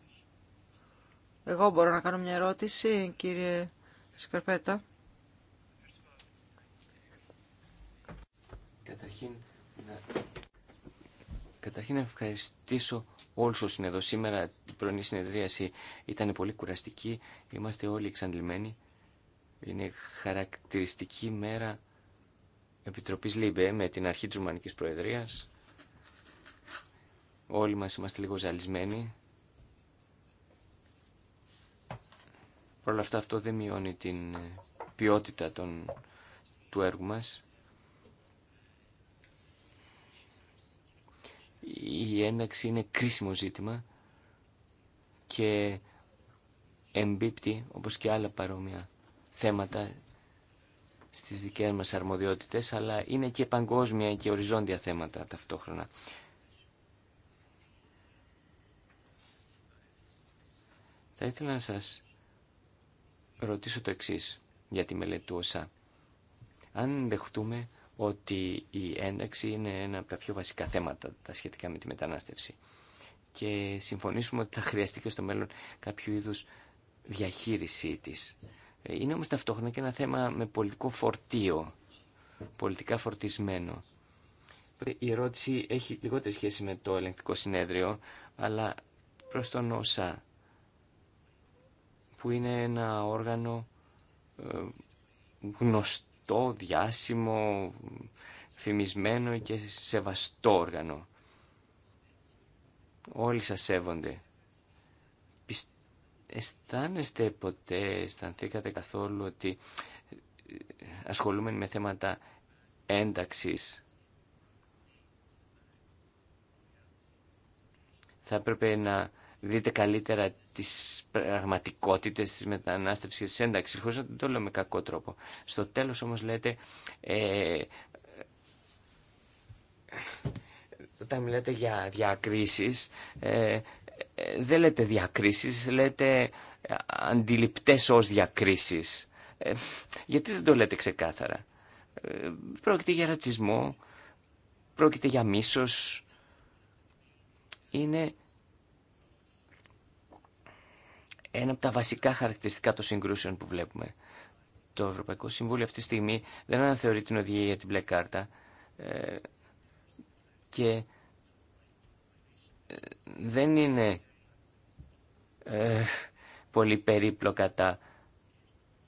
[SPEAKER 1] Εγώ μπορώ να κάνω μια ερώτηση, κύριε Σκαρπέτα.
[SPEAKER 3] Καταρχήν, να Καταρχήν να ευχαριστήσω όλους όσου είναι εδώ σήμερα. Η πρωινή συνεδρίαση ήταν πολύ κουραστική. Είμαστε όλοι εξαντλημένοι. Είναι χαρακτηριστική μέρα Επιτροπής ΛΥΜΠΕ με την αρχή τη Ρουμανική Προεδρίας. Όλοι μα είμαστε λίγο ζαλισμένοι. Παρ' όλα αυτά αυτό δεν μειώνει την ποιότητα των, του έργου μας. η ένταξη είναι κρίσιμο ζήτημα και εμπίπτει, όπως και άλλα παρόμοια θέματα, στις δικές μας αρμοδιότητες, αλλά είναι και παγκόσμια και οριζόντια θέματα ταυτόχρονα. Θα ήθελα να σας ρωτήσω το εξής για τη μελέτη του ΩΣΑ. Αν δεχτούμε ότι η ένταξη είναι ένα από τα πιο βασικά θέματα τα σχετικά με τη μετανάστευση. Και συμφωνήσουμε ότι θα χρειαστεί και στο μέλλον κάποιο είδους διαχείρισή της. Ε, είναι όμως ταυτόχρονα και ένα θέμα με πολιτικό φορτίο, πολιτικά φορτισμένο. Ε, η ερώτηση έχει λιγότερη σχέση με το ελεγκτικό συνέδριο, αλλά προς τον ΩΣΑ, που είναι ένα όργανο ε, γνωστό τό διάσημο, φημισμένο και σεβαστό όργανο. Όλοι σας σέβονται. Αισθάνεστε ποτέ, αισθανθήκατε καθόλου ότι ε, ασχολούμενοι με θέματα ένταξης θα έπρεπε να δείτε καλύτερα τι πραγματικότητε της μετανάστευση και τη ένταξη. Χωρίς να το λέω με κακό τρόπο. Στο τέλος όμως λέτε... Ε, όταν μιλάτε για διακρίσεις, ε, ε δεν λέτε διακρίσεις, λέτε αντιληπτές ως διακρίσεις. Ε, γιατί δεν το λέτε ξεκάθαρα. Ε, πρόκειται για ρατσισμό, πρόκειται για μίσος. Είναι ένα από τα βασικά χαρακτηριστικά των συγκρούσεων που βλέπουμε. Το Ευρωπαϊκό Συμβούλιο αυτή τη στιγμή δεν αναθεωρεί την οδηγία για την μπλε κάρτα ε, και ε, δεν είναι ε, πολύ περίπλοκα τα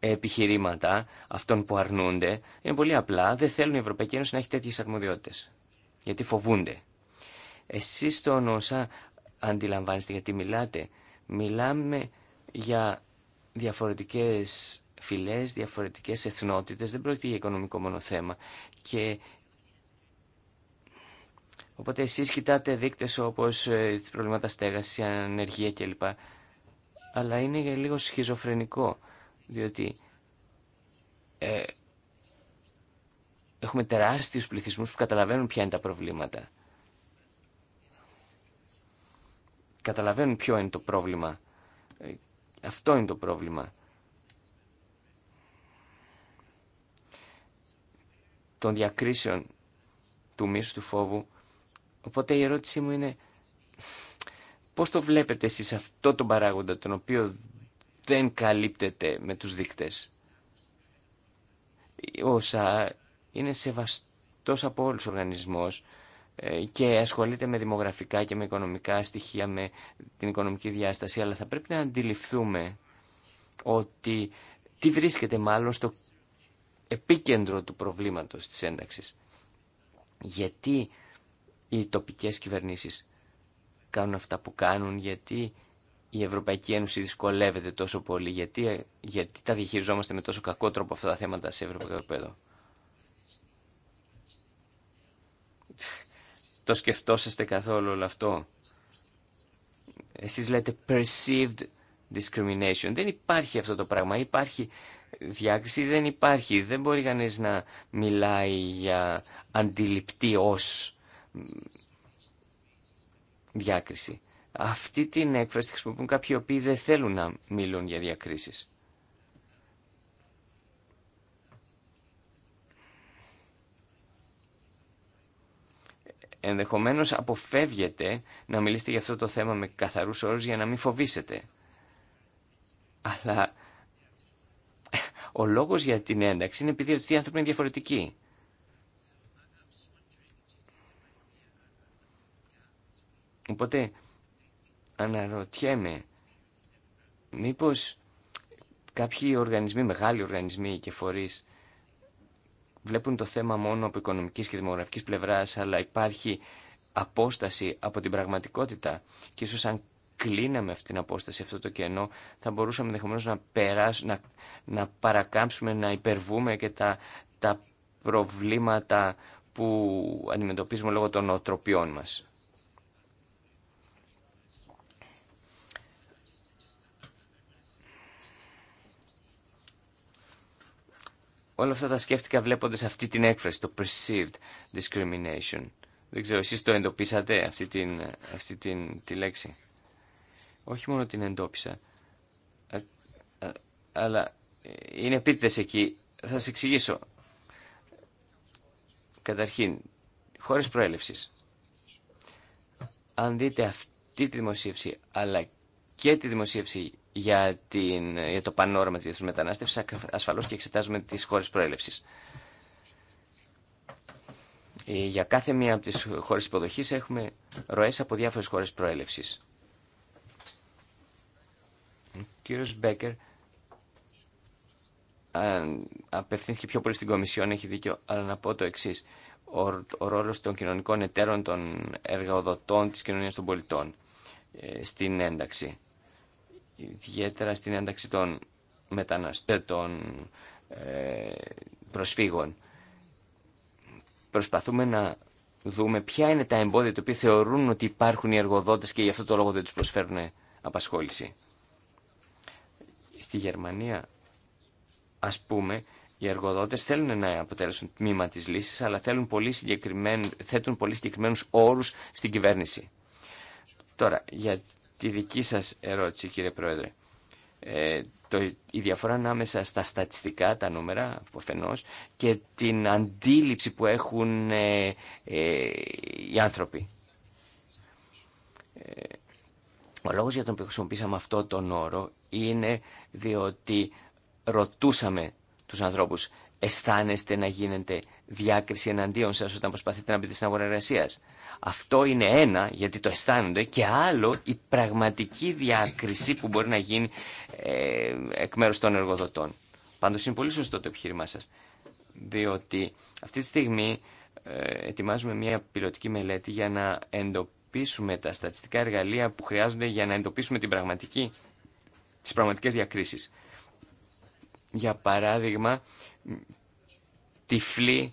[SPEAKER 3] επιχειρήματα αυτών που αρνούνται. Είναι πολύ απλά, δεν θέλουν οι Ευρωπαϊκή Ένωση να έχει τέτοιες αρμοδιότητες, γιατί φοβούνται. Εσείς τον όσα αντιλαμβάνεστε γιατί μιλάτε. Μιλάμε για διαφορετικές φυλές, διαφορετικές εθνότητες, δεν πρόκειται για οικονομικό μόνο θέμα. Και Οπότε εσείς κοιτάτε δείκτες όπως ε, προβλήματα στέγαση, ανεργία κλπ. Αλλά είναι λίγο σχιζοφρενικό, διότι ε, έχουμε τεράστιους πληθυσμούς που καταλαβαίνουν ποια είναι τα προβλήματα. Καταλαβαίνουν ποιο είναι το πρόβλημα ε, αυτό είναι το πρόβλημα. Των διακρίσεων του μίσου του φόβου. Οπότε η ερώτησή μου είναι πώς το βλέπετε εσείς αυτό τον παράγοντα τον οποίο δεν καλύπτεται με τους δείκτες. Όσα είναι σεβαστός από όλους ο οργανισμός ε, και ασχολείται με δημογραφικά και με οικονομικά στοιχεία, με την οικονομική διάσταση, αλλά θα πρέπει να αντιληφθούμε ότι τι βρίσκεται μάλλον στο επίκεντρο του προβλήματος της ένταξης. Γιατί οι τοπικές κυβερνήσεις κάνουν αυτά που κάνουν, γιατί η Ευρωπαϊκή Ένωση δυσκολεύεται τόσο πολύ, γιατί, γιατί τα διαχειριζόμαστε με τόσο κακό τρόπο αυτά τα θέματα σε ευρωπαϊκό επίπεδο. το σκεφτόσαστε καθόλου όλο αυτό. Εσείς λέτε perceived discrimination. Δεν υπάρχει αυτό το πράγμα. Υπάρχει διάκριση, δεν υπάρχει. Δεν μπορεί κανείς να μιλάει για αντιληπτή ως διάκριση. Αυτή την έκφραση χρησιμοποιούν κάποιοι οποίοι δεν θέλουν να μιλούν για διακρίσεις. ενδεχομένως αποφεύγετε να μιλήσετε για αυτό το θέμα με καθαρούς όρους για να μην φοβήσετε. Αλλά ο λόγος για την ένταξη είναι επειδή οι άνθρωποι είναι διαφορετικοί. Οπότε αναρωτιέμαι μήπως κάποιοι οργανισμοί, μεγάλοι οργανισμοί και φορείς βλέπουν το θέμα μόνο από οικονομικής και δημογραφικής πλευράς, αλλά υπάρχει απόσταση από την πραγματικότητα και ίσως αν κλείναμε αυτή την απόσταση, αυτό το κενό, θα μπορούσαμε ενδεχομένω να, περάσουμε, να, να παρακάμψουμε, να υπερβούμε και τα, τα προβλήματα που αντιμετωπίζουμε λόγω των οτροπιών μας. όλα αυτά τα σκέφτηκα βλέποντα αυτή την έκφραση, το perceived discrimination. Δεν ξέρω, εσεί το εντοπίσατε αυτή, την, αυτή την, τη λέξη. Όχι μόνο την εντόπισα, ε, ε, αλλά είναι επίτηδε εκεί. Θα σα εξηγήσω. Καταρχήν, χωρίς προέλευση. Αν δείτε αυτή τη δημοσίευση, αλλά και τη δημοσίευση για, την, για το πανόραμα της διεθνής μετανάστευσης, ασφαλώς και εξετάζουμε τις χώρες προέλευσης. Ε, για κάθε μία από τις χώρες υποδοχής έχουμε ροές από διάφορες χώρες προέλευσης. Ο κύριος Μπέκερ απευθύνθηκε πιο πολύ στην Κομισιόν, έχει δίκιο, αλλά να πω το εξής. Ο, ο ρόλος των κοινωνικών εταίρων, των εργοδοτών της κοινωνίας των πολιτών ε, στην ένταξη ιδιαίτερα στην ένταξη των μεταναστών, ε, προσφύγων. Προσπαθούμε να δούμε ποια είναι τα εμπόδια τα οποία θεωρούν ότι υπάρχουν οι εργοδότες και γι' αυτό το λόγο δεν τους προσφέρουν απασχόληση. Στη Γερμανία, ας πούμε, οι εργοδότες θέλουν να αποτέλεσουν τμήμα της λύσης, αλλά θέλουν πολύ θέτουν πολύ συγκεκριμένους όρους στην κυβέρνηση. Τώρα, για τη δική σας ερώτηση κύριε Πρόεδρε. Ε, το, η διαφορά ανάμεσα στα στατιστικά, τα νούμερα αφενός και την αντίληψη που έχουν ε, ε οι άνθρωποι. Ε, ο λόγος για τον οποίο χρησιμοποίησαμε αυτό τον όρο είναι διότι ρωτούσαμε τους ανθρώπους αισθάνεστε να γίνετε διάκριση εναντίον σα όταν προσπαθείτε να μπείτε στην αγορά εργασία. Αυτό είναι ένα γιατί το αισθάνονται και άλλο η πραγματική διάκριση που μπορεί να γίνει ε, εκ μέρου των εργοδοτών. Πάντω είναι πολύ σωστό το επιχείρημά σα. διότι αυτή τη στιγμή ε, ετοιμάζουμε μια πιλωτική μελέτη για να εντοπίσουμε τα στατιστικά εργαλεία που χρειάζονται για να εντοπίσουμε την πραγματική, τις πραγματικές διακρίσεις. Για παράδειγμα, τυφλή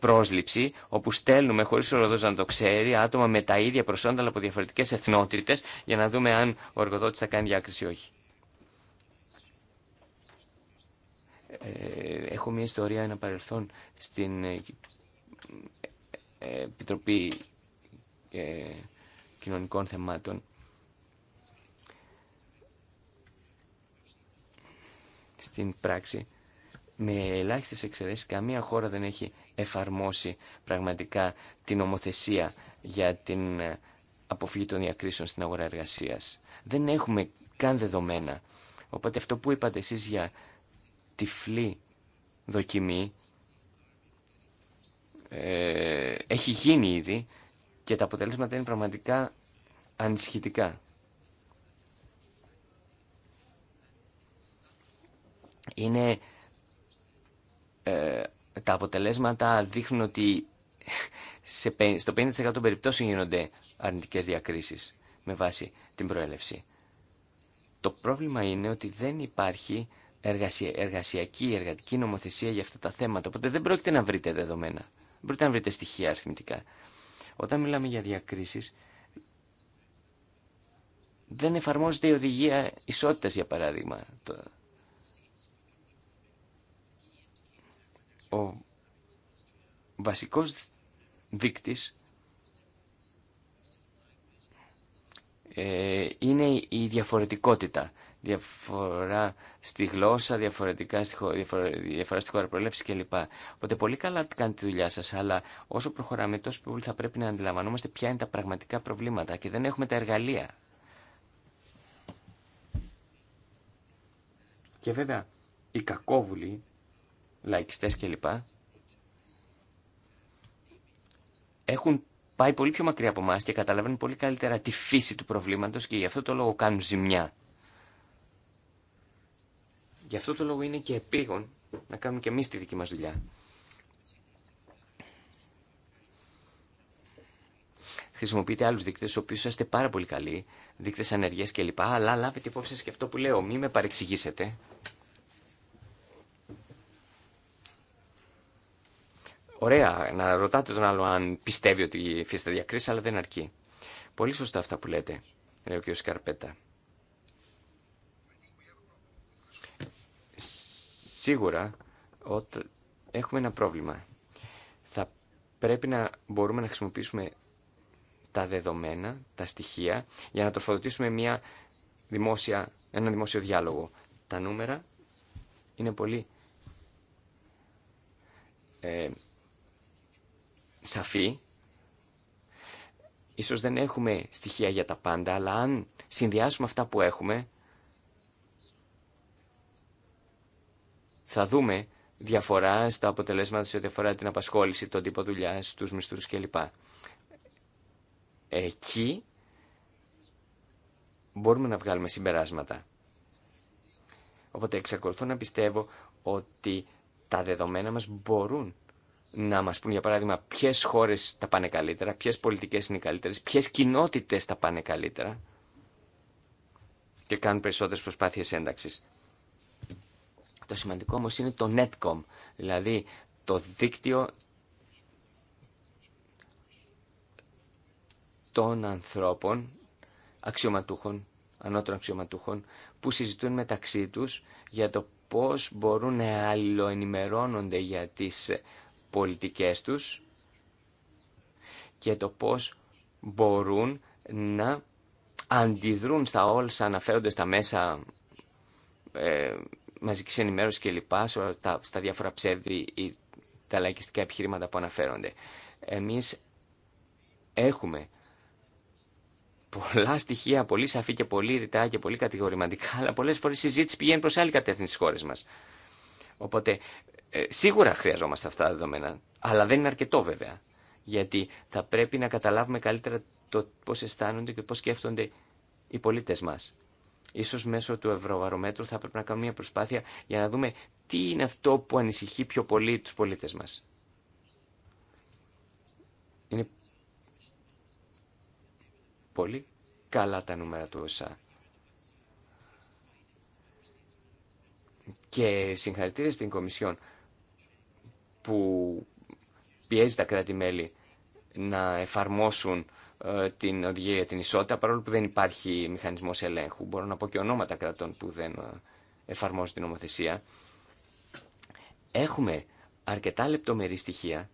[SPEAKER 3] πρόσληψη, όπου στέλνουμε χωρί ο εργοδότη να το ξέρει άτομα με τα ίδια προσόντα αλλά από διαφορετικέ εθνότητε για να δούμε αν ο εργοδότη θα κάνει διάκριση ή όχι. Ε, έχω μια ιστορία, ένα παρελθόν στην ε, ε, Επιτροπή ε, Κοινωνικών Θεμάτων. Στην πράξη με ελάχιστε εξαιρέσει, καμία χώρα δεν έχει εφαρμόσει πραγματικά την νομοθεσία για την ε, αποφύγη των διακρίσεων στην αγορά εργασία. Δεν έχουμε καν δεδομένα. Οπότε αυτό που είπατε εσεί για τυφλή δοκιμή ε, έχει γίνει ήδη και τα αποτελέσματα είναι πραγματικά ανησυχητικά. Είναι ε, τα αποτελέσματα δείχνουν ότι σε, στο 50% των περιπτώσεων γίνονται αρνητικές διακρίσεις με βάση την προέλευση. Το πρόβλημα είναι ότι δεν υπάρχει εργασία, εργασιακή, εργατική νομοθεσία για αυτά τα θέματα, οπότε δεν πρόκειται να βρείτε δεδομένα, δεν πρόκειται να βρείτε στοιχεία αριθμητικά. Όταν μιλάμε για διακρίσεις, δεν εφαρμόζεται η οδηγία ισότητας, για παράδειγμα, Ο βασικός δείκτης ε, είναι η διαφορετικότητα. Διαφορά στη γλώσσα, διαφορετικά στη διαφορά στη χώρα προέλευση κλπ. Οπότε πολύ καλά κάνετε τη δουλειά σας, αλλά όσο προχωράμε, τόσο πολύ θα πρέπει να αντιλαμβανόμαστε ποια είναι τα πραγματικά προβλήματα και δεν έχουμε τα εργαλεία. Και βέβαια, οι κακόβουλοι λαϊκιστές κλπ. Έχουν πάει πολύ πιο μακριά από εμά και καταλαβαίνουν πολύ καλύτερα τη φύση του προβλήματος και γι' αυτό το λόγο κάνουν ζημιά. Γι' αυτό το λόγο είναι και επίγον να κάνουμε και εμείς τη δική μας δουλειά. Χρησιμοποιείτε άλλου δείκτε, στου οποίου είστε πάρα πολύ καλοί, δείκτε ανεργία κλπ. Αλλά λάβετε υπόψη και αυτό που λέω, μη με παρεξηγήσετε. Ωραία να ρωτάτε τον άλλο αν πιστεύει ότι υφίσταται διακρίση, αλλά δεν αρκεί. Πολύ σωστά αυτά που λέτε, λέει ο κ. Σκαρπέτα. Σίγουρα ότι έχουμε ένα πρόβλημα. Θα πρέπει να μπορούμε να χρησιμοποιήσουμε τα δεδομένα, τα στοιχεία, για να τροφοδοτήσουμε μια δημόσια, ένα δημόσιο διάλογο. Τα νούμερα είναι πολύ ε, σαφή. Ίσως δεν έχουμε στοιχεία για τα πάντα, αλλά αν συνδυάσουμε αυτά που έχουμε, θα δούμε διαφορά στα αποτελέσματα σε ό,τι αφορά την απασχόληση, τον τύπο δουλειά, τους μισθούς κλπ. Εκεί μπορούμε να βγάλουμε συμπεράσματα. Οπότε εξακολουθώ να πιστεύω ότι τα δεδομένα μας μπορούν να μας πούν για παράδειγμα ποιες χώρες τα πάνε καλύτερα, ποιες πολιτικές είναι οι καλύτερες, ποιες κοινότητες τα πάνε καλύτερα και κάνουν περισσότερες προσπάθειες ένταξης. Το σημαντικό όμως είναι το netcom, δηλαδή το δίκτυο των ανθρώπων, αξιωματούχων, ανώτερων αξιωματούχων, που συζητούν μεταξύ τους για το πώς μπορούν να αλληλοενημερώνονται για τις πολιτικές τους και το πώς μπορούν να αντιδρούν στα σαν αναφέρονται στα μέσα ε, μαζικής ενημέρωσης λοιπά στα, στα διάφορα ψεύδη ή τα λαϊκιστικά επιχειρήματα που αναφέρονται. Εμείς έχουμε πολλά στοιχεία, πολύ σαφή και πολύ ρητά και πολύ κατηγορηματικά, αλλά πολλές φορές η συζήτηση πηγαίνει προς άλλη κατεύθυνση στις χώρες μας. Οπότε ε, σίγουρα χρειαζόμαστε αυτά τα δεδομένα, αλλά δεν είναι αρκετό βέβαια. Γιατί θα πρέπει να καταλάβουμε καλύτερα το πώς αισθάνονται και πώς σκέφτονται οι πολίτες μας. Ίσως μέσω του Ευρωβαρομέτρου θα πρέπει να κάνουμε μια προσπάθεια για να δούμε τι είναι αυτό που ανησυχεί πιο πολύ τους πολίτες μας. Είναι πολύ καλά τα νούμερα του ΩΣΑ. Και συγχαρητήρια στην Κομισιόν που πιέζει τα κράτη-μέλη να εφαρμόσουν ε, την οδηγία για την ισότητα, παρόλο που δεν υπάρχει μηχανισμός ελέγχου. Μπορώ να πω και ονόματα κρατών που δεν ε, εφαρμόζουν την νομοθεσία. Έχουμε αρκετά λεπτομερή στοιχεία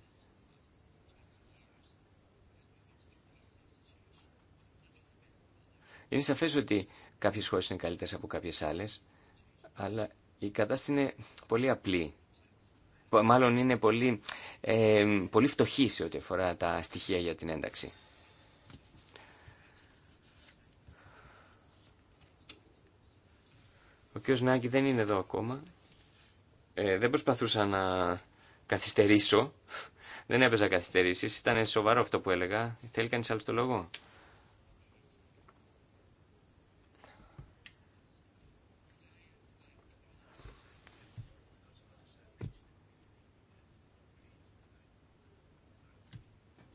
[SPEAKER 3] Είναι σαφές ότι κάποιες χώρες είναι καλύτερες από κάποιες άλλες, αλλά η κατάσταση είναι πολύ απλή μάλλον είναι πολύ, πολύ φτωχή σε ό,τι αφορά τα στοιχεία για την ένταξη. Ο κ. Νάκη δεν είναι εδώ ακόμα. Ε, δεν προσπαθούσα να καθυστερήσω. <laughs> Δεν έπαιζα καθυστερήσεις. Ήταν σοβαρό αυτό που έλεγα. Θέλει κανείς άλλο το λόγο.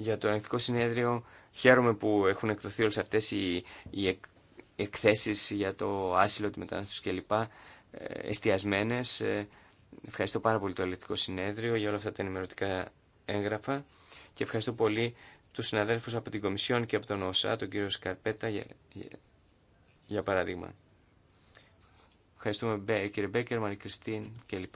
[SPEAKER 3] για το Ελεκτικό Συνέδριο. Χαίρομαι που έχουν εκδοθεί όλες αυτές οι, οι εκθέσεις για το άσυλο, τη μετανάστευση κλπ. Ε, εστιασμένες. Ε, ευχαριστώ πάρα πολύ το Ελεκτικό Συνέδριο για όλα αυτά τα ενημερωτικά έγγραφα και ευχαριστώ πολύ τους συναδέλφους από την Κομισιόν και από τον ΟΣΑ, τον κύριο Σκαρπέτα, για, για, για παράδειγμα. Ευχαριστούμε κύριε Μπέκερ, Μαρή Κριστίν κλπ.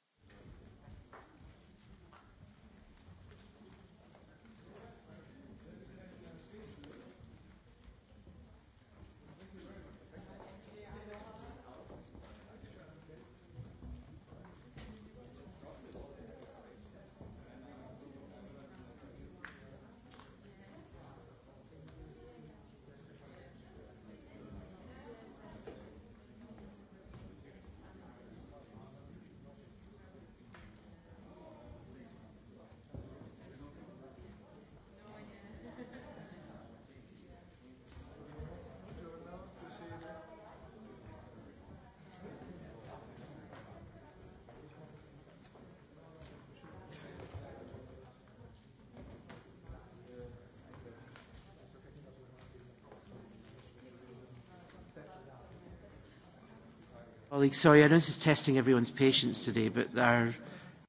[SPEAKER 4] Sorry, I know this is testing everyone's patience today, but our...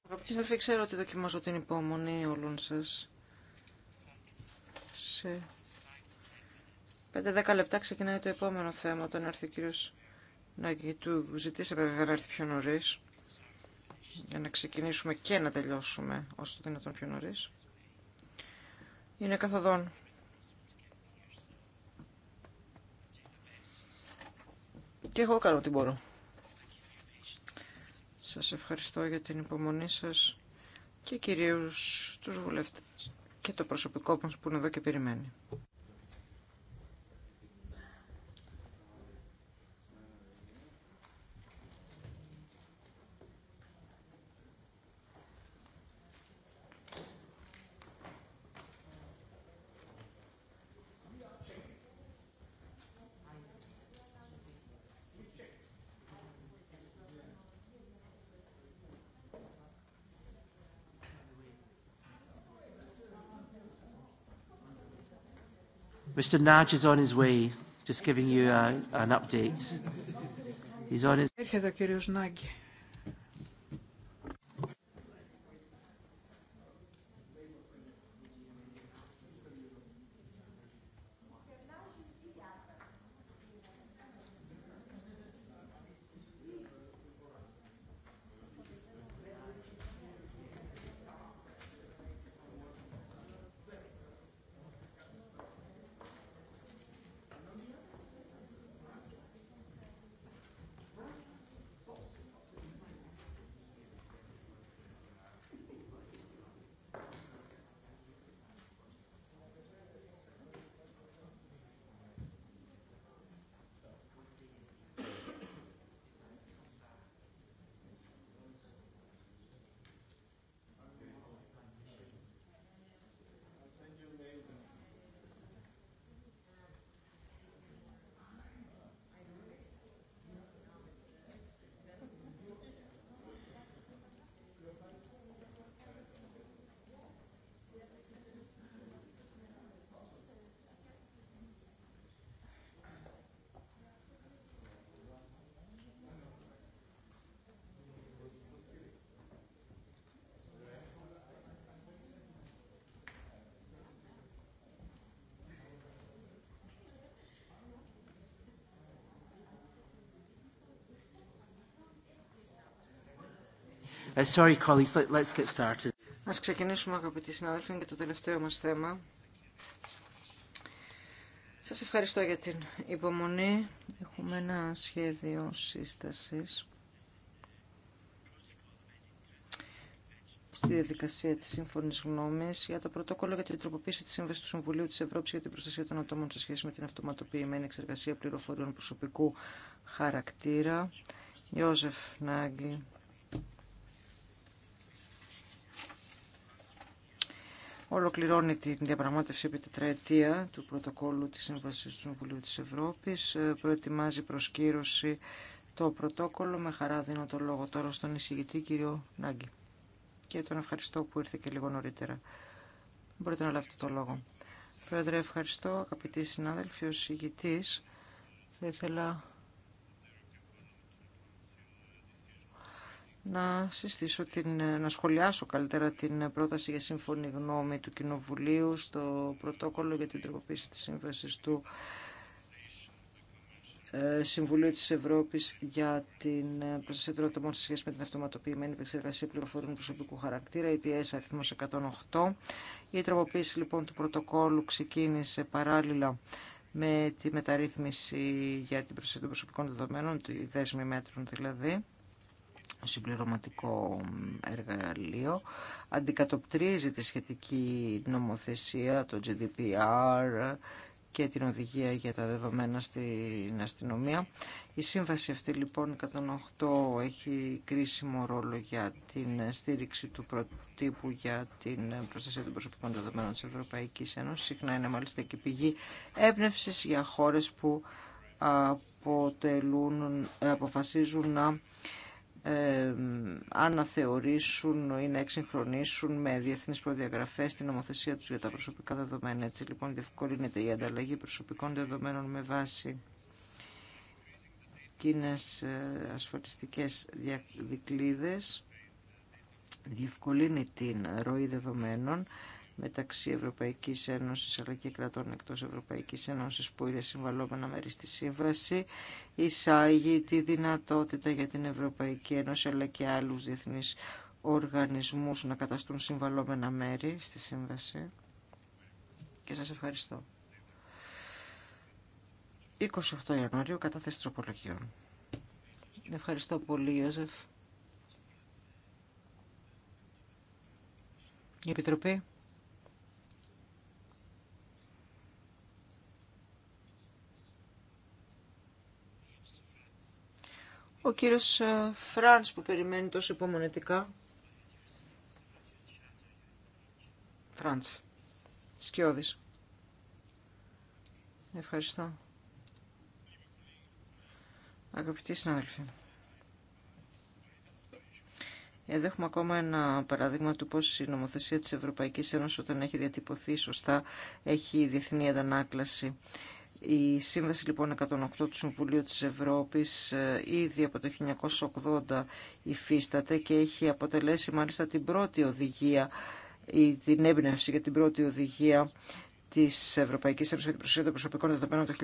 [SPEAKER 1] Αγαπητοί συνάδελφοι, ξέρω ότι δοκιμάζω την υπόμονη όλων σας. Σε 5-10 λεπτά ξεκινάει το επόμενο θέμα, όταν έρθει ο κύριος Νάγκη του. Ζητήσαμε βέβαια να έρθει πιο νωρί για να ξεκινήσουμε και να τελειώσουμε όσο το δυνατόν πιο νωρί. Είναι καθοδόν. Και εγώ κάνω ό,τι μπορώ. Σας ευχαριστώ για την υπομονή σας και κυρίως τους βουλευτές και το προσωπικό μας που είναι εδώ και περιμένει.
[SPEAKER 4] Mr. Nudge is on his way, just giving you a, an update. He's on his... Έρχεται Uh, sorry, colleagues. Let's get started.
[SPEAKER 1] Ας ξεκινήσουμε αγαπητοί συνάδελφοι και το τελευταίο μας θέμα. Σας ευχαριστώ για την υπομονή. Έχουμε ένα σχέδιο σύστασης στη διαδικασία της σύμφωνης γνώμης για το πρωτόκολλο για την τροποποίηση της Σύμβασης του Συμβουλίου της Ευρώπης για την προστασία των ατόμων σε σχέση με την αυτοματοποιημένη εξεργασία πληροφοριών προσωπικού χαρακτήρα. Ιώζεφ Νάγκη, Ολοκληρώνει την διαπραγμάτευση επί τετραετία του πρωτοκόλλου της Σύμβασης του Συμβουλίου της Ευρώπης. Ε, προετοιμάζει προσκύρωση το πρωτόκολλο. Με χαρά δίνω το λόγο τώρα στον εισηγητή κύριο Νάγκη. Και τον ευχαριστώ που ήρθε και λίγο νωρίτερα. Μπορείτε να λάβετε το λόγο. Πρόεδρε, ευχαριστώ. Αγαπητοί συνάδελφοι, ο εισηγητής θα ήθελα να συστήσω την, να σχολιάσω καλύτερα την πρόταση για σύμφωνη γνώμη του Κοινοβουλίου στο πρωτόκολλο για την τροποποίηση της σύμβασης του ε, Συμβουλίου της Ευρώπης για την ε, προστασία των ατομών σε σχέση με την αυτοματοποιημένη επεξεργασία πληροφοριών προσωπικού χαρακτήρα, ETS αριθμός 108. Η τροποποίηση λοιπόν του πρωτοκόλλου ξεκίνησε παράλληλα με τη μεταρρύθμιση για την προστασία των προσωπικών δεδομένων, τη δέσμη μέτρων δηλαδή συμπληρωματικό εργαλείο, αντικατοπτρίζει τη σχετική νομοθεσία, το GDPR και την οδηγία για τα δεδομένα στην αστυνομία. Η σύμβαση αυτή λοιπόν 108 έχει κρίσιμο ρόλο για την στήριξη του προτύπου για την προστασία των προσωπικών δεδομένων της Ευρωπαϊκής Ένωσης. Συχνά είναι μάλιστα και πηγή έμπνευσης για χώρες που αποφασίζουν να ε, αναθεωρήσουν ή να εξυγχρονίσουν με διεθνείς προδιαγραφές την νομοθεσία τους για τα προσωπικά δεδομένα. Έτσι λοιπόν διευκολύνεται η ανταλλαγή προσωπικών δεδομένων με βάση κοινέ ε, ασφαλιστικές δικλείδες, διευκολύνει την ροή δεδομένων, μεταξύ Ευρωπαϊκής Ένωση αλλά και κρατών εκτό Ευρωπαϊκής Ένωση που είναι συμβαλόμενα μέρη στη σύμβαση εισάγει τη δυνατότητα για την Ευρωπαϊκή Ένωση αλλά και άλλους διεθνεί οργανισμούς να καταστούν συμβαλόμενα μέρη στη σύμβαση και σας ευχαριστώ. 28 Ιανουαρίου κατάθεση τροπολογιών. Ευχαριστώ πολύ, Ιώζεφ. Η Επιτροπή. Ο κύριος ε, Φρανς που περιμένει τόσο υπομονετικά. Φρανς. Σκιώδης. Ευχαριστώ. Αγαπητοί συνάδελφοι. Εδώ έχουμε ακόμα ένα παράδειγμα του πώς η νομοθεσία της Ευρωπαϊκής Ένωσης όταν έχει διατυπωθεί σωστά έχει διεθνή αντανάκλαση. Η Σύμβαση λοιπόν 108 του Συμβουλίου της Ευρώπης ε, ήδη από το 1980 υφίσταται και έχει αποτελέσει μάλιστα την πρώτη οδηγία ή την έμπνευση για την πρώτη οδηγία τη Ευρωπαϊκή Ένωση για την Προστασία των Προσωπικών Δεδομένων το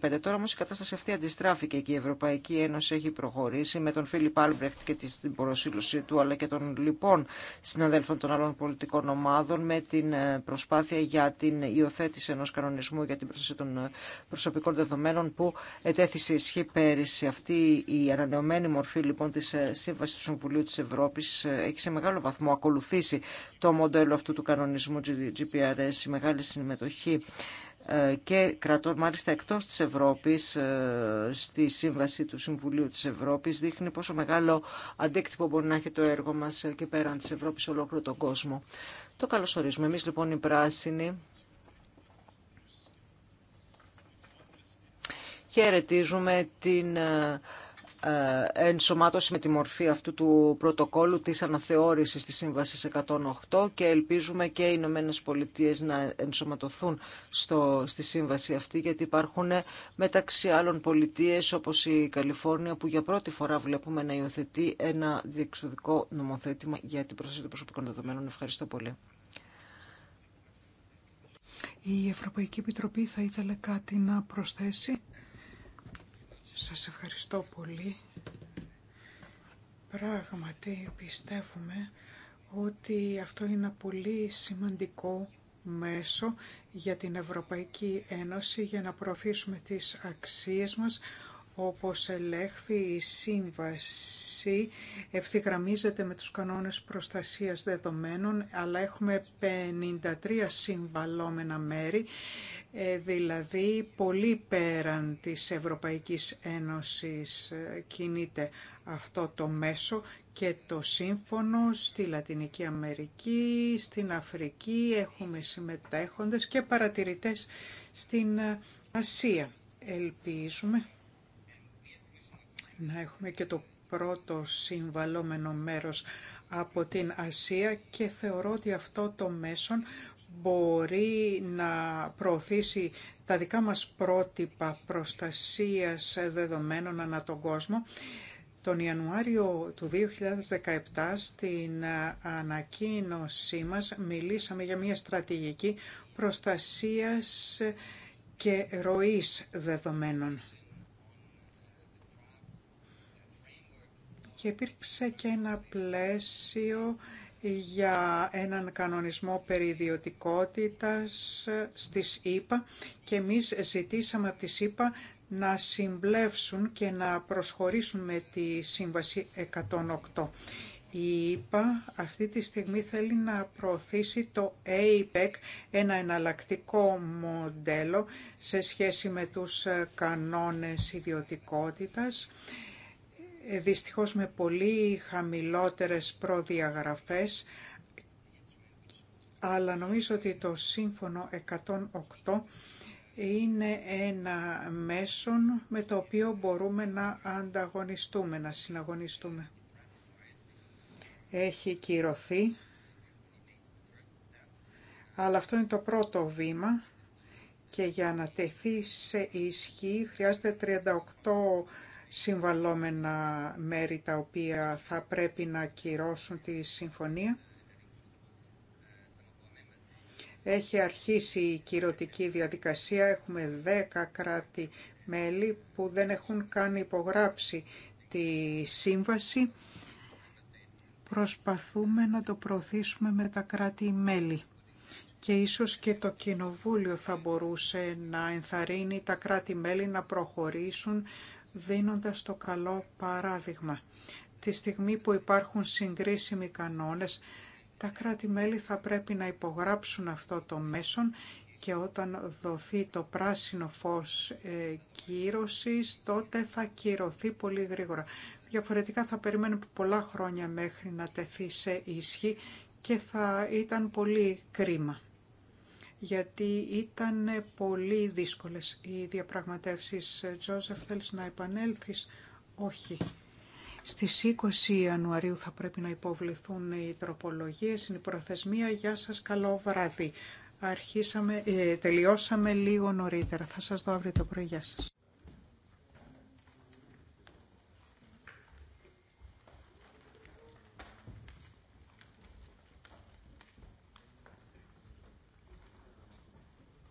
[SPEAKER 1] 1995. Τώρα όμω η κατάσταση αυτή αντιστράφηκε και η Ευρωπαϊκή Ένωση έχει προχωρήσει με τον Φίλιπ Άλμπρεχτ και την προσήλωσή του, αλλά και των λοιπόν συναδέλφων των άλλων πολιτικών ομάδων, με την ε, προσπάθεια για την υιοθέτηση ενό κανονισμού για την προστασία των ε, προσωπικών δεδομένων που ετέθησε ισχύ πέρυσι. Αυτή η ανανεωμένη μορφή λοιπόν τη ε, Σύμβαση του Συμβουλίου τη Ευρώπη έχει σε μεγάλο βαθμό ακολουθήσει το μοντέλο αυτού του κανονισμού GPRS, η μεγάλη συμμετοχή ε, και κρατών μάλιστα εκτός της Ευρώπης ε, στη Σύμβαση του Συμβουλίου της Ευρώπης δείχνει πόσο μεγάλο αντίκτυπο μπορεί να έχει το έργο μας ε, και πέραν της Ευρώπης σε ολόκληρο τον κόσμο. Το καλωσορίζουμε. Εμείς λοιπόν οι πράσινοι χαιρετίζουμε την ε, ενσωμάτωση με τη μορφή αυτού του πρωτοκόλου της αναθεώρησης της Σύμβασης 108 και ελπίζουμε και οι Ηνωμένε Πολιτείε να ενσωματωθούν στο, στη σύμβαση αυτή γιατί υπάρχουν ε, μεταξύ άλλων πολιτείες όπως η Καλιφόρνια που για πρώτη φορά βλέπουμε να υιοθετεί ένα διεξοδικό νομοθέτημα για την προστασία των προσωπικών δεδομένων. Ευχαριστώ πολύ.
[SPEAKER 2] Η Ευρωπαϊκή Επιτροπή θα ήθελε κάτι να προσθέσει. Σας ευχαριστώ πολύ. Πράγματι πιστεύουμε ότι αυτό είναι ένα πολύ σημαντικό μέσο για την Ευρωπαϊκή Ένωση για να προωθήσουμε τις αξίες μας όπως ελέγχθη η σύμβαση ευθυγραμμίζεται με τους κανόνες προστασίας δεδομένων αλλά έχουμε 53 συμβαλόμενα μέρη ε, δηλαδή πολύ πέραν της Ευρωπαϊκής Ένωσης ε, κινείται αυτό το μέσο και το σύμφωνο στη Λατινική Αμερική, στην Αφρική, έχουμε συμμετέχοντες και παρατηρητές στην ε, Ασία. Ελπίζουμε να έχουμε και το πρώτο συμβαλόμενο μέρος από την Ασία και θεωρώ ότι αυτό το μέσον μπορεί να προωθήσει τα δικά μας πρότυπα προστασίας δεδομένων ανά τον κόσμο. Τον Ιανουάριο του 2017 στην ανακοίνωσή μας μιλήσαμε για μια στρατηγική προστασίας και ροής δεδομένων. Και υπήρξε και ένα πλαίσιο για έναν κανονισμό περί ιδιωτικότητας στις ΗΠΑ και εμείς ζητήσαμε από τις ΗΠΑ να συμπλεύσουν και να προσχωρήσουν με τη Σύμβαση 108. Η ΕΠΑ αυτή τη στιγμή θέλει να προωθήσει το APEC, ένα εναλλακτικό μοντέλο σε σχέση με τους κανόνες ιδιωτικότητας ε, δυστυχώς με πολύ χαμηλότερες προδιαγραφές, αλλά νομίζω ότι το σύμφωνο 108 είναι ένα μέσον με το οποίο μπορούμε να ανταγωνιστούμε, να συναγωνιστούμε. Έχει κυρωθεί, αλλά αυτό είναι το πρώτο βήμα και για να τεθεί σε ισχύ χρειάζεται 38 συμβαλόμενα μέρη τα οποία θα πρέπει να κυρώσουν τη συμφωνία. Έχει αρχίσει η κυρωτική διαδικασία. Έχουμε 10 κράτη-μέλη που δεν έχουν καν υπογράψει τη σύμβαση. Προσπαθούμε να το προωθήσουμε με τα κράτη-μέλη. Και ίσως και το Κοινοβούλιο θα μπορούσε να ενθαρρύνει τα κράτη-μέλη να προχωρήσουν δίνοντας το καλό παράδειγμα. Τη στιγμή που υπάρχουν συγκρίσιμοι κανόνες, τα κράτη-μέλη θα πρέπει να υπογράψουν αυτό το μέσον και όταν δοθεί το πράσινο φως ε, κύρωσης, τότε θα κυρωθεί πολύ γρήγορα. Διαφορετικά θα περιμένουμε πολλά χρόνια μέχρι να τεθεί σε ίσχυ και θα ήταν πολύ κρίμα γιατί ήταν πολύ δύσκολες οι διαπραγματεύσεις. Τζόζεφ, θέλεις να επανέλθεις. Όχι. Στις 20 Ιανουαρίου θα πρέπει να υποβληθούν οι τροπολογίες. Είναι η προθεσμία. Γεια σας. Καλό βράδυ. Αρχίσαμε, ε, τελειώσαμε λίγο νωρίτερα. Θα σας δω αύριο το πρωί. Γεια σας.